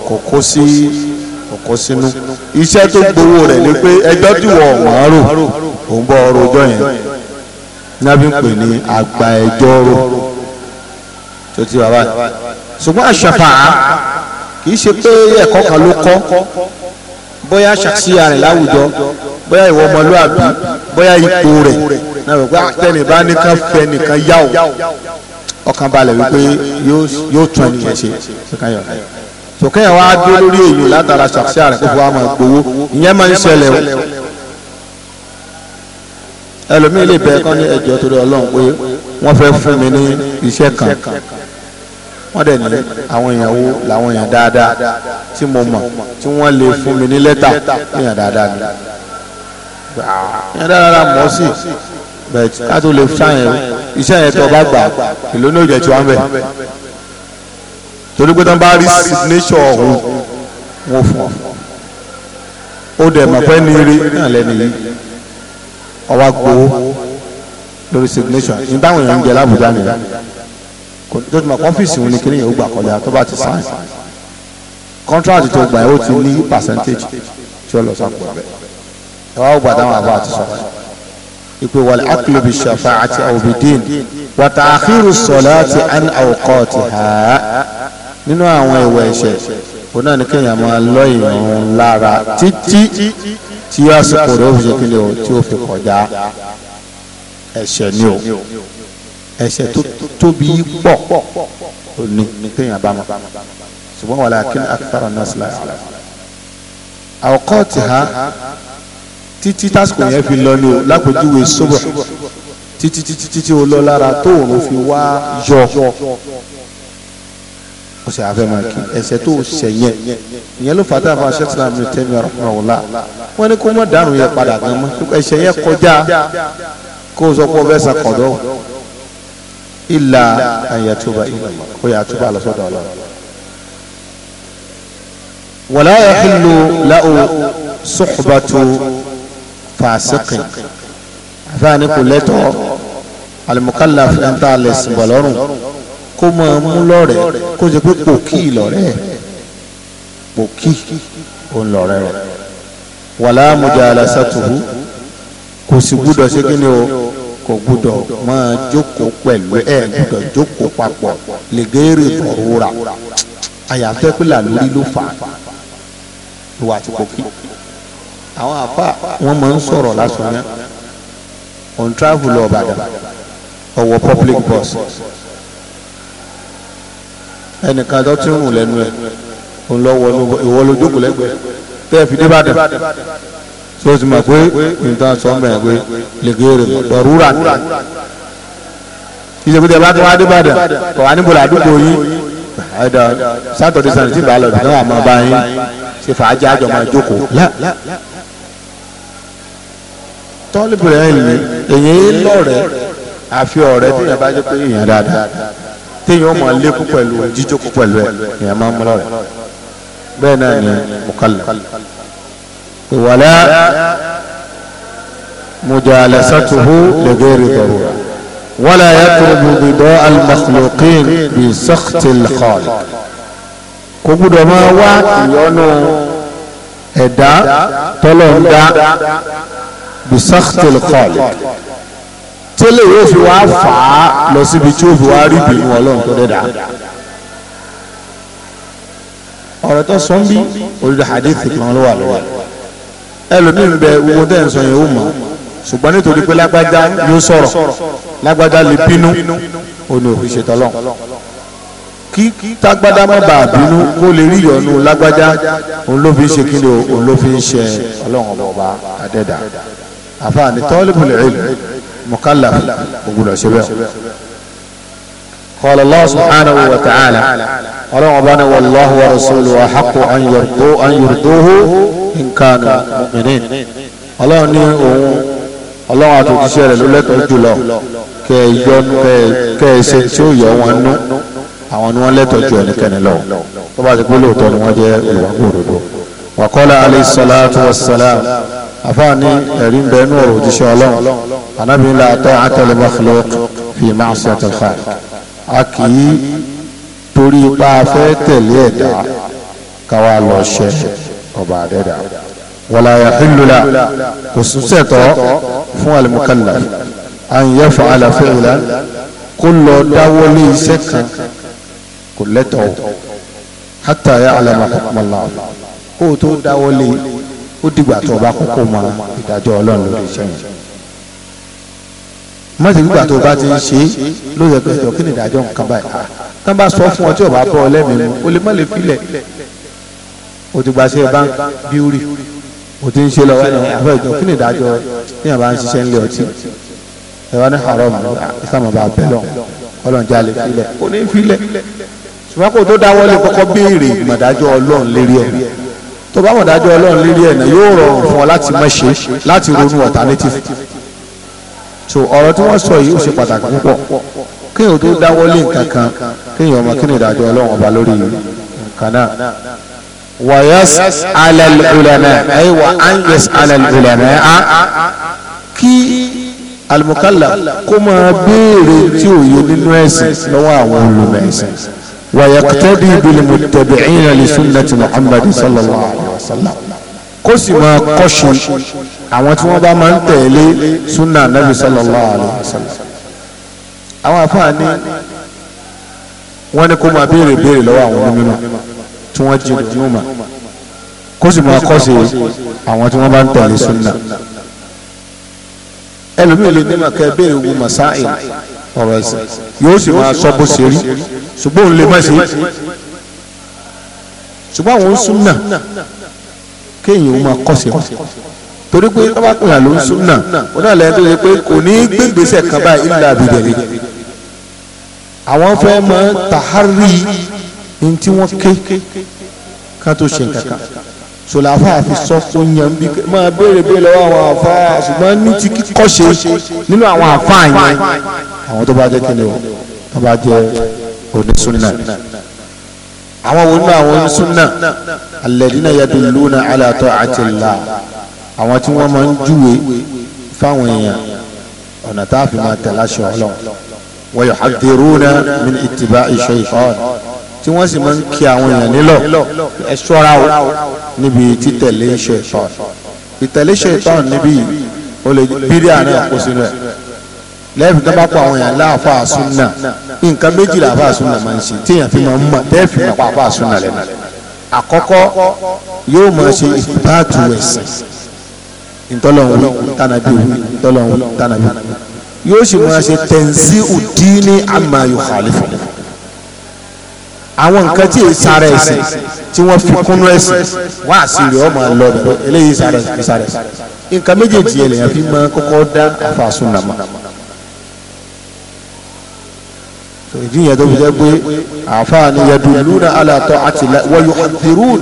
kòkó sí kòkó sínú iṣẹ́ tó gbowó rẹ̀ ni pé ẹjọ́ tí wọ́n máa rò òun bọ́ ọ̀rọ̀ ọjọ́ yẹn nábì ń pè ní àgbà ẹjọ́ rò tó ti bàbá ṣùgbọ́n àṣàfà kì í ṣe pé ẹ̀kọ́ kan ló kọ́ bóyá ṣàṣìyà rẹ̀ láwùjọ bóyá ìwọ ọmọlúwàbí bóyá ipò rẹ̀ náà wọ́n pé àtẹnìbá ah, nìkan fẹ́ nìkan yá o ọkàn balẹ̀ wípé yóò tún ẹni yẹn ṣe kíkayọ̀ rẹ̀ sòkèyàn wa dúró lórí èyí látara ṣàkṣà rẹ̀ kó fún wa máa gbowó ìyẹn máa ń ṣẹlẹ̀ o ẹlòmíì lè bẹ kán ní ẹjọ́ torí Ọlọ́run pé wọ́n fẹ́ fún mi ní iṣẹ́ kan wọ́n dẹ̀ ní àwọn èèyàn wo làwọn èèyàn dáadáa tí mo mọ̀ tí wọ́n lè fún mi ní lẹ́tà èèyàn dáadáa ni èèyàn dáadáa mọ̀ sí bẹ́ẹ̀ ká tó lè sáyẹn iṣẹ́ yẹn tó bá gbà ìlú ní òjò tí wọ́n bẹ̀ torí pé tán bá rí signature ọ̀hún wọ́n fún ọ ó dẹ̀ mọ̀ pé ní rí náà lẹ́nu yìí ọwọ́ gbowó lórí signature ní táwọn èèyàn ń jẹ lábùjá nìyẹn kò tó ti mọ̀ kọ́fíìsì òun ni kí nìyẹn ó gbà kọjá tó bá ti sáyẹn contract tó gbà yẹn ó ti ní percentage tí ó lọ sọ pé ẹ wá gbà táwọn àbá àti sọ ìpè wal aklu bi shafa'ati aw bi din wa ta'khiru salati an awqatiha nínú àwọn ìwà ẹ̀ṣẹ̀ òun náà ní kéèyàn máa lọ ìrun lára títí tí àsìkò rẹ̀ ó fi ṣe kí ni o tí ó fi kọjá ẹ̀ṣẹ̀ ni o ẹ̀ṣẹ̀ tó tóbi pọ̀ òní téèyàn bá mọ ṣùgbọ́n wàlá kí ni náà sì láyà àwòkọ́ ti ha títí tásìkò yẹn fi lọ ní o lápèjúwe sóbà títí títí títí o lọ lára tó òun fi wá yọ o sì àfẹ́ máa kí ẹsẹ̀ tó o sẹ̀ yẹn ìyẹn ló fàtà fún aṣẹ́ sinamu ní tẹ́mi ọ̀rọ̀mọ̀wòlá wọn ni kó mọ̀ dànù yẹn padà gan mọ́ ẹsẹ̀ yẹn kọjá kó o sọ pé o fẹ́ san kọ̀dọ̀ ìlà àyàtúbà ìlà kó yàtúbà lọ́sọ̀dọ̀ ọlọ́run wàlá yà kí lo láò sọ̀kùbàtò fàásìkìn àfáàní kò lẹ́tọ̀ọ́ alimukallaf ń tà lẹ́sìn bọ̀ lọ́rùn kó máa mú lọ́rẹ̀ kó ṣe pé pòkì lọ́rẹ̀ pòkì òun lọ́rẹ̀ rẹ̀ wàlá mujalasatuhu kò sì gbúdọ̀ ṣe kí ni o kò gbúdọ̀ máa jókòó pẹ̀lú ẹ̀ gbúdọ̀ jókòó papọ̀ lè géèrè tọ̀rọ̀ ra àyàfẹ́ pé làlórí ló fà á ìwà àwọn àfa wọn máa ń sọ̀rọ̀ lásán náà on travel lọ Ìbàdàn ọwọ́ public bus ẹnìkan tó ti ń rùn lẹ́nu ẹ̀ òun lọ wọnú ìwọ ló jókòó lẹ́gbẹ̀ẹ́ tẹ́ ẹ fi dé Ìbàdàn tó ti mọ̀ pé nǹkan sọ mẹ́rin pé lẹ́gẹ́rẹ́ mọ̀ rúra ni ìjọba ìjọba tó wá dé Ìbàdàn kọ̀ wá níbo làdúgbò yín ẹ̀dọ̀ sátọ̀dé sànìtì bá lọ bí náà àmọ́ bá yín ṣe fàájì àjọmọ́ ìjókòó tọ́lìbìrì ẹ̀mí èyàn lọ́rẹ̀ àfi ọ̀rẹ́ tí èyàn bá jẹ́ pé èyàn dáadáa téèyàn mọ̀ lékún pẹ̀lú jíjókòó pẹ̀lú ẹ̀ èyàn máa ń mú lọ́rẹ̀ bẹ́ẹ̀ náà ni mùkàlà ìwàlẹ́ mujalasatuhu lẹ́gẹ́rì tọ̀rọ̀ wala yatrubu bidọ́ al-makhluqin bi sakhti al-khaliq kò gbúdọ̀ máa wá ìyọnu ẹ̀dá tọ́lọ̀ ń dá bisakhtil khaliq tẹ́lẹ̀ yóò fi wá fà á lọ síbi tí ó fi wá rí ìbínú ọlọ́run tó dẹ́dà ọ̀rọ̀ tó sọ ń bí olùdó hadith kan ló wà lọ́wọ́ ẹlòmíín bẹ owó tẹ́ ń sọ yẹn ó mọ̀ ṣùgbọ́n nítorí pé lágbájá yóò sọ̀rọ̀ lágbájá lè bínú ó òfin ṣe tọ́lọ́ kí tágbádá má bàa bínú kó lè rí ìyọnu lágbájá òun ló fi ń ṣe kí ni òun ló fi ń ṣe ọlọ́run ọba adẹ́dà àfààní talibul ilm mukallaf ògùnà ṣẹbẹ qala Allah subhanahu wa ta'ala ọlọ́wọ́n bá ní wallahu wa rasuluhu ahaqqu an yurduhu in kanu mu'minin ọlọ́wọ́n ní òun ọlọ́wọ́n àti òjíṣẹ́ rẹ̀ ló lẹ́tọ̀ọ́ jùlọ kẹ́ ẹ yọ kẹ́ ẹ ṣe tí ó yọ àwọn ni wọ́n lẹ́tọ̀ọ́ ju ẹnikẹ́ni lọ tó ti pé lóòótọ́ ni wọ́n jẹ́ olùwàkúròdò wa qala alayhi salatu wassalam afaani ẹ̀rí bẹ́ẹ̀ ní ọ̀rọ̀ òjíṣẹ́ ọlọ́run anabi la ta'ata li makhluq fi ma'siyati al-khaliq a kì í torí ipa afẹ́ tẹ̀lé ẹ̀dá káwa lọ ṣẹ ọba àdẹ́dà wala yahillu la kò súnṣẹ̀tọ́ fún al an yaf'ala fi'lan kó lọ dáwọ́lé iṣẹ́ kan kò lẹ́tọ̀ọ́ hatta ya'lama hukmallah kó ó dìgbà tó o bá kókó mọ ìdájọ́ ọlọ́run lórí iṣẹ́ yẹn mọ̀sí gbígbà tó o bá ti ń ṣe ló yẹ pé ìjọ kí ni ìdájọ́ nǹkan báyìí tán bá sọ fún ọ tí o bá bọ́ ọ lẹ́mìí mu o lè má lè filẹ̀ o ti gbàṣẹ bank bíúrì o ti ń ṣe lọ́wọ́ ẹ̀ náà ìjọ kí ni ìdájọ́ ní àbá ń ṣiṣẹ́ ńlẹ̀ ọtí ẹ̀wá ní haram ìsàmù bá bẹ̀ lọ́n ọlọ́run já lè filẹ̀ o ní filẹ̀ ṣùgbọ́n kò tó tó bá mọ̀ dájọ́ ọlọ́run lérí ẹ̀ náà yóò rọrùn fún ọ láti má ṣe láti ronú alternative so ọ̀rọ̀ tí wọ́n sọ yìí ó ṣe pàtàkì púpọ̀ kéèyàn tó dáwọ́ lé nǹkan kan kéèyàn ọmọ kíni ìdájọ́ ọlọ́run ọba lórí nǹkan náà wàyẹ́s alẹ́lẹ́lẹ́mẹ́ ẹ̀yìn wà áńyẹ́s alẹ́lẹ́lẹ́mẹ́ á kí alùmọ̀kálà kó máa béèrè tí òye nínú ẹ̀sìn lọ́wọ́ àwọn olùmọ̀ ẹ̀sìn wàyàkùtẹ́bí ìbílẹ̀mù tẹ̀bí ìyẹn lè súnlẹ̀ tí muhammad sallallahu alayhi wa sallam kó sì máa kọ́ṣùn àwọn tí wọ́n bá máa ń tẹ̀lé súnà nabi sallallahu alayhi wa sallam àwọn afáàní wọ́n ní kó máa béèrè béèrè lọ́wọ́ àwọn onímọ̀ tí wọ́n jẹ́ ìdíwọ̀n kó sì máa kọ́ṣe àwọn tí wọ́n bá ń tẹ̀lé súnà ẹlòmíràn lè ní màkà béèrè ogun masáìlì ọ̀rọ̀ ẹ̀sìn yóò sì máa sọ bó ṣe rí ṣùgbọ́n òun lè má ṣe ṣùgbọ́n àwọn súnà kéèyàn ó máa kọ́sẹ̀ wọn torí pé ọba pè hàn ló ń súnà wọn náà lẹ́yìn tó yẹ pé kò ní gbégbèsè kan báyìí ńlá àbídẹ̀lẹ̀ àwọn fẹ́ máa tàhárí ní tí wọ́n ké ká tó ṣe kankan sọláfà àfi sọ fún yẹn bí máa béèrè béèrè lọ́wọ́ àwọn àfa ṣùgbọ́n ní ti kíkọ́ ṣe nínú àwọn àfa yẹn àwọn tó bá jẹ́ kí ni o tó bá jẹ́ onísúnà àwọn wo nínú àwọn onísúnà alladina yadulluna ala ta'atillah àwọn tí wọ́n máa ń júwe fáwọn èèyàn ọ̀nà tá a fi máa tẹ̀lé aṣọ ọlọ́run wa yuhaddiruna min ittiba'i shaytan tí wọ́n sì máa ń kí àwọn èèyàn nílọ̀ ẹ ṣọ́ra o níbi títẹ̀lé shaytan ìtẹ̀lé shaytan níbi o lè bírí kó sínú ẹ̀ lẹ́yìn tó bá kọ àwọn èèyàn láàfà àsúnà nǹkan méjì làfà àsúnà máa ń ṣe téèyàn fi máa ń mọ̀ tẹ́ẹ̀ fi máa pa àfà àsúnà lẹ́nu àkọ́kọ́ yóò máa ṣe ìbáàtú ẹ̀sìn ntọ́lọ́hún tànàbí ntọ́lọ́hún tànàbí yóò sì máa ṣe tẹ̀sí ùdíní àmà yóò xàlìfọ̀ àwọn nǹkan tí èyí sára ẹ̀sìn tí wọ́n fi kúnú ẹ̀sìn wá sí rẹ̀ ọ́ máa lọ bẹ̀rẹ̀ eléyìí sára ẹ̀sìn nǹkan méjèèjì yẹn lèyàn fi máa kọ́kọ́ dá àfàsùn nàmọ́ ìdí yẹn tó fi jẹ́ pé àáfàá ni yaduluna ala ta'ati wa yuhadhirun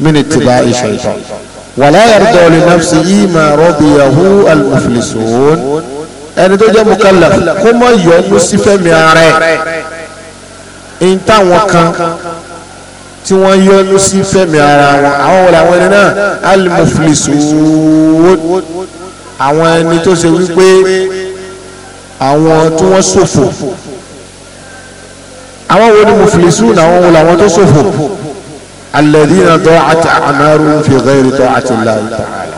min ittiba'i shaytan wala yarda li nafsihi ma radiyahu al-muflisun ẹni tó jẹ́ mukallaf kó mọ̀ yọnu sífẹ́mi ara ẹ̀ ń táwọn kan tí wọ́n yọnu sífẹ́mi ara wọn àwọn wọlé àwọn ẹni náà al àwọn ẹni tó ṣe wípé àwọn tí wọ́n ṣòfò àwọn wo ni muflisun àwọn wo làwọn tó ṣòfò alladhina da'at a'maruhum fi ghayri ta'ati Allah ta'ala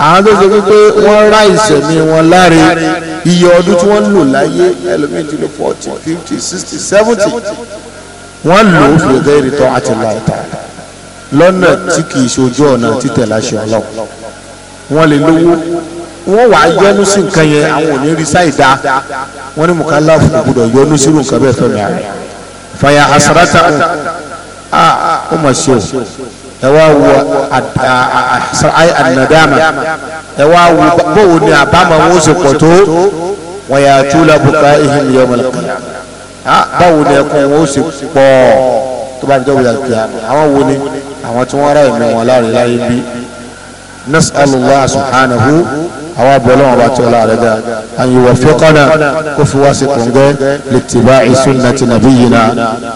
àwọn tó ṣe wípé wọ́n rá ìṣẹ̀mí wọn láre iye ọdún tí wọ́n lò láyé ẹlòmíín ti lò forty fifty sixty seventy wọ́n lò ó fi ghayri ta'ati Allah ta'ala lọ́nà tí kì í ṣojú ọ̀nà títẹ̀ láṣẹ ọlọ́run wọ́n lè lówó wọ́n wàá yọnu sí nǹkan yẹn àwọn ò ní rí sáì dáa wọ́n ní mùkálá fún gbọ́dọ̀ yọnu sírù nǹkan bẹ́ẹ̀ fẹ́mi fàyà àsàràtà ó ó mà ṣe o ẹ wá wo ànàdàmà ẹ wá wo bówo ni àbámọ̀ wọn ó sì pọ̀ tó wọ́n yà tó lábùkà ìhìn yọmọlẹ kìlá báwo ni ẹkún wọn ó sì tó bá ń jẹ́ yà kìlá àwọn wo ni àwọn tí wọ́n rà ẹ̀mí wọn láàrin láyé bíi nas'alullah subhanahu àwọn abẹ́lẹ́ wọn bá tí ó lára dá an yuwaffiqana kó fi wá sí kòǹgẹ́ littiba'i sunnati nabiyyina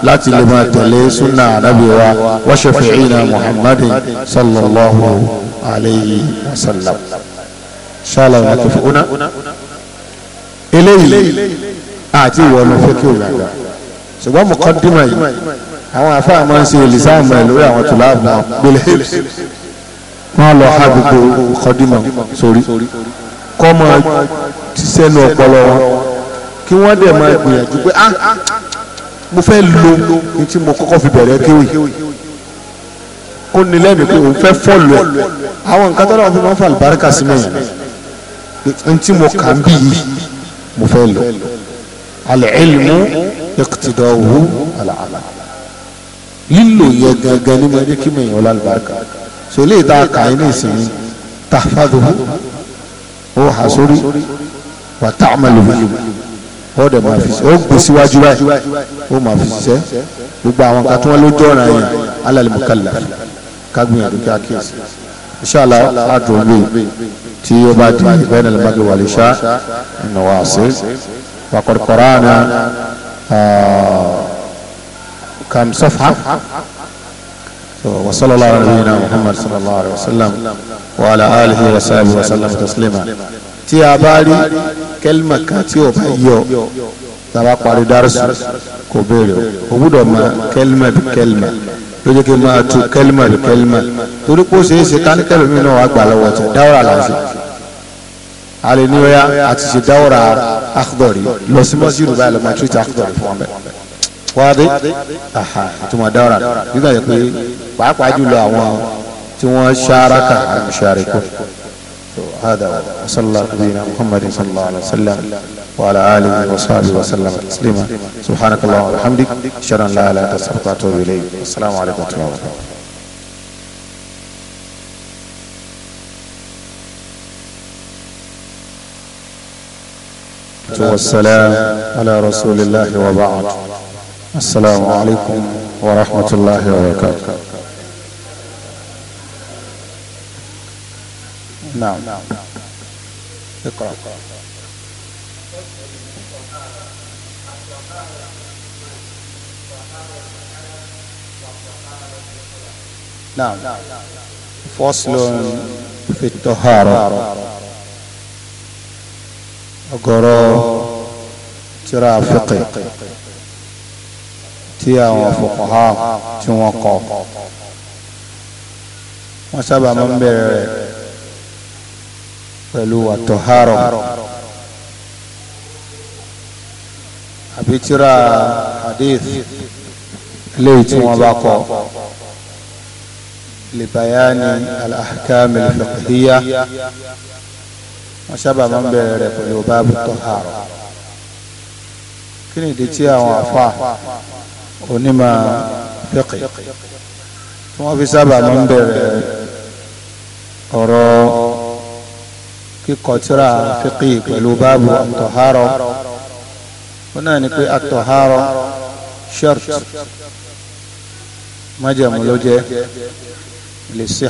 láti lè máa tẹ̀lé sunna ànábì wa wa shafi'ina muhammadin sallallahu alayhi wa sallam ṣáàlà ìwà tó fi una eléyìí àti ìwọ ló fẹ́ kí o yàgbà ṣùgbọ́n muqaddima yìí àwọn afáàmọ́ ń ṣe ìlísàmù ẹ̀ lórí àwọn tùlá àbùnà gbélé wọ́n lọ ha gbogbo kọ́dímọ̀ sórí kọ́ máa sẹ́nu ọpọlọ wọn kí wọ́n dẹ̀ máa gbìyànjú pé ah, ah mo fẹ́ lo ní tí mo kọ́kọ́ fi bẹ̀rẹ̀ kéwì kó ní lẹ́mìí pé òun fẹ́ fọ́ọ̀lù ẹ̀ àwọn nǹkan tó dáwọn fi máa ń fa àlùbáríkà sí mẹ́yìn ní tí mo kà ń bí yìí mo fẹ́ lò al-ilmu iqtidahu al-amal yẹ gangan ní mo ní kí mẹ́yìn ọlá àlùbáríkà sòlè tá a kà í ní ìsinmi tahfaduhu ó hà sórí wà tá a máa lò wí ó dẹ̀ máa fi ó gbé síwájú báyìí ó máa fi ṣiṣẹ́ gbogbo àwọn kan tí wọ́n ló jọ̀ràn yẹn alal mukallaf kágbìyànjú kí a kíyèsí inṣàlá àdùnbí tí ó bá di bẹ́ẹ̀ nílẹ̀ magi wàlíṣà ìnáwó àṣẹ wàkọ̀rọ̀kọ̀rọ̀ àná kàm sọ́fà. وصلى الله على نبينا محمد صلى الله عليه وسلم وعلى آله وصحبه وسلم تسليما tí a bá rí kẹlímà kan tí o bá yọ tàbá parí dárúsù kò béèrè o gbúdọ̀ ma kẹlímà bí kẹlímà lójú kí n máa tu kẹlímà bí kẹlímà torí pé ó ṣeé ṣe kánikẹ́lò mi náà wà gbà lọ́wọ́ tẹ dáwọ́rà láti alẹ́ níwáyà àti ṣe dáwọ́rà akhdari lọ sí mọ́sí yorùbá ẹ̀ lọ́mọ tó ti akhdari fún wa bẹ́ẹ̀ wáde aha ìtumọ̀ dára nígbà yẹ pé pàápàá jùlọ àwọn tí wọ́n ṣáraka àmúṣárikú هذا وصلى الله نبينا محمد صلى الله عليه وسلم وعلى اله وصحبه وسلم تسليما سبحانك اللهم وبحمدك اشهد ان لا اله الا انت استغفرك واتوب اليك السلام عليكم ورحمه الله وبركاته والسلام على رسول الله وبعد السلام عليكم ورحمة الله وبركاته نعم اقرأ نعم فصل في الطهارة أقرأ ترافقي tí àwọn fuqaha tí wọ́n kọ wọ́n sábà máa ń bẹ̀rẹ̀ rẹ̀ pẹ̀lú àtọ̀hárọ̀ àbí hadith léyìí tí wọ́n bá kọ lè bayani al-ahkam al-fiqhiyya wọ́n sábà máa ń bẹ̀rẹ̀ rẹ̀ pẹ̀lú báàbù tọ̀hárọ̀ kí ni ìdí tí àwọn àfa onímọ̀ fẹ́kì tí wọ́n fi sábà máa ń bẹ̀rẹ̀ ọ̀rọ̀ kíkọ tírà pẹ̀lú báàbù àtọ̀hárọ̀ wọn náà ni pé àtọ̀hárọ̀ shirt májàmú ló jẹ́ lè ṣe.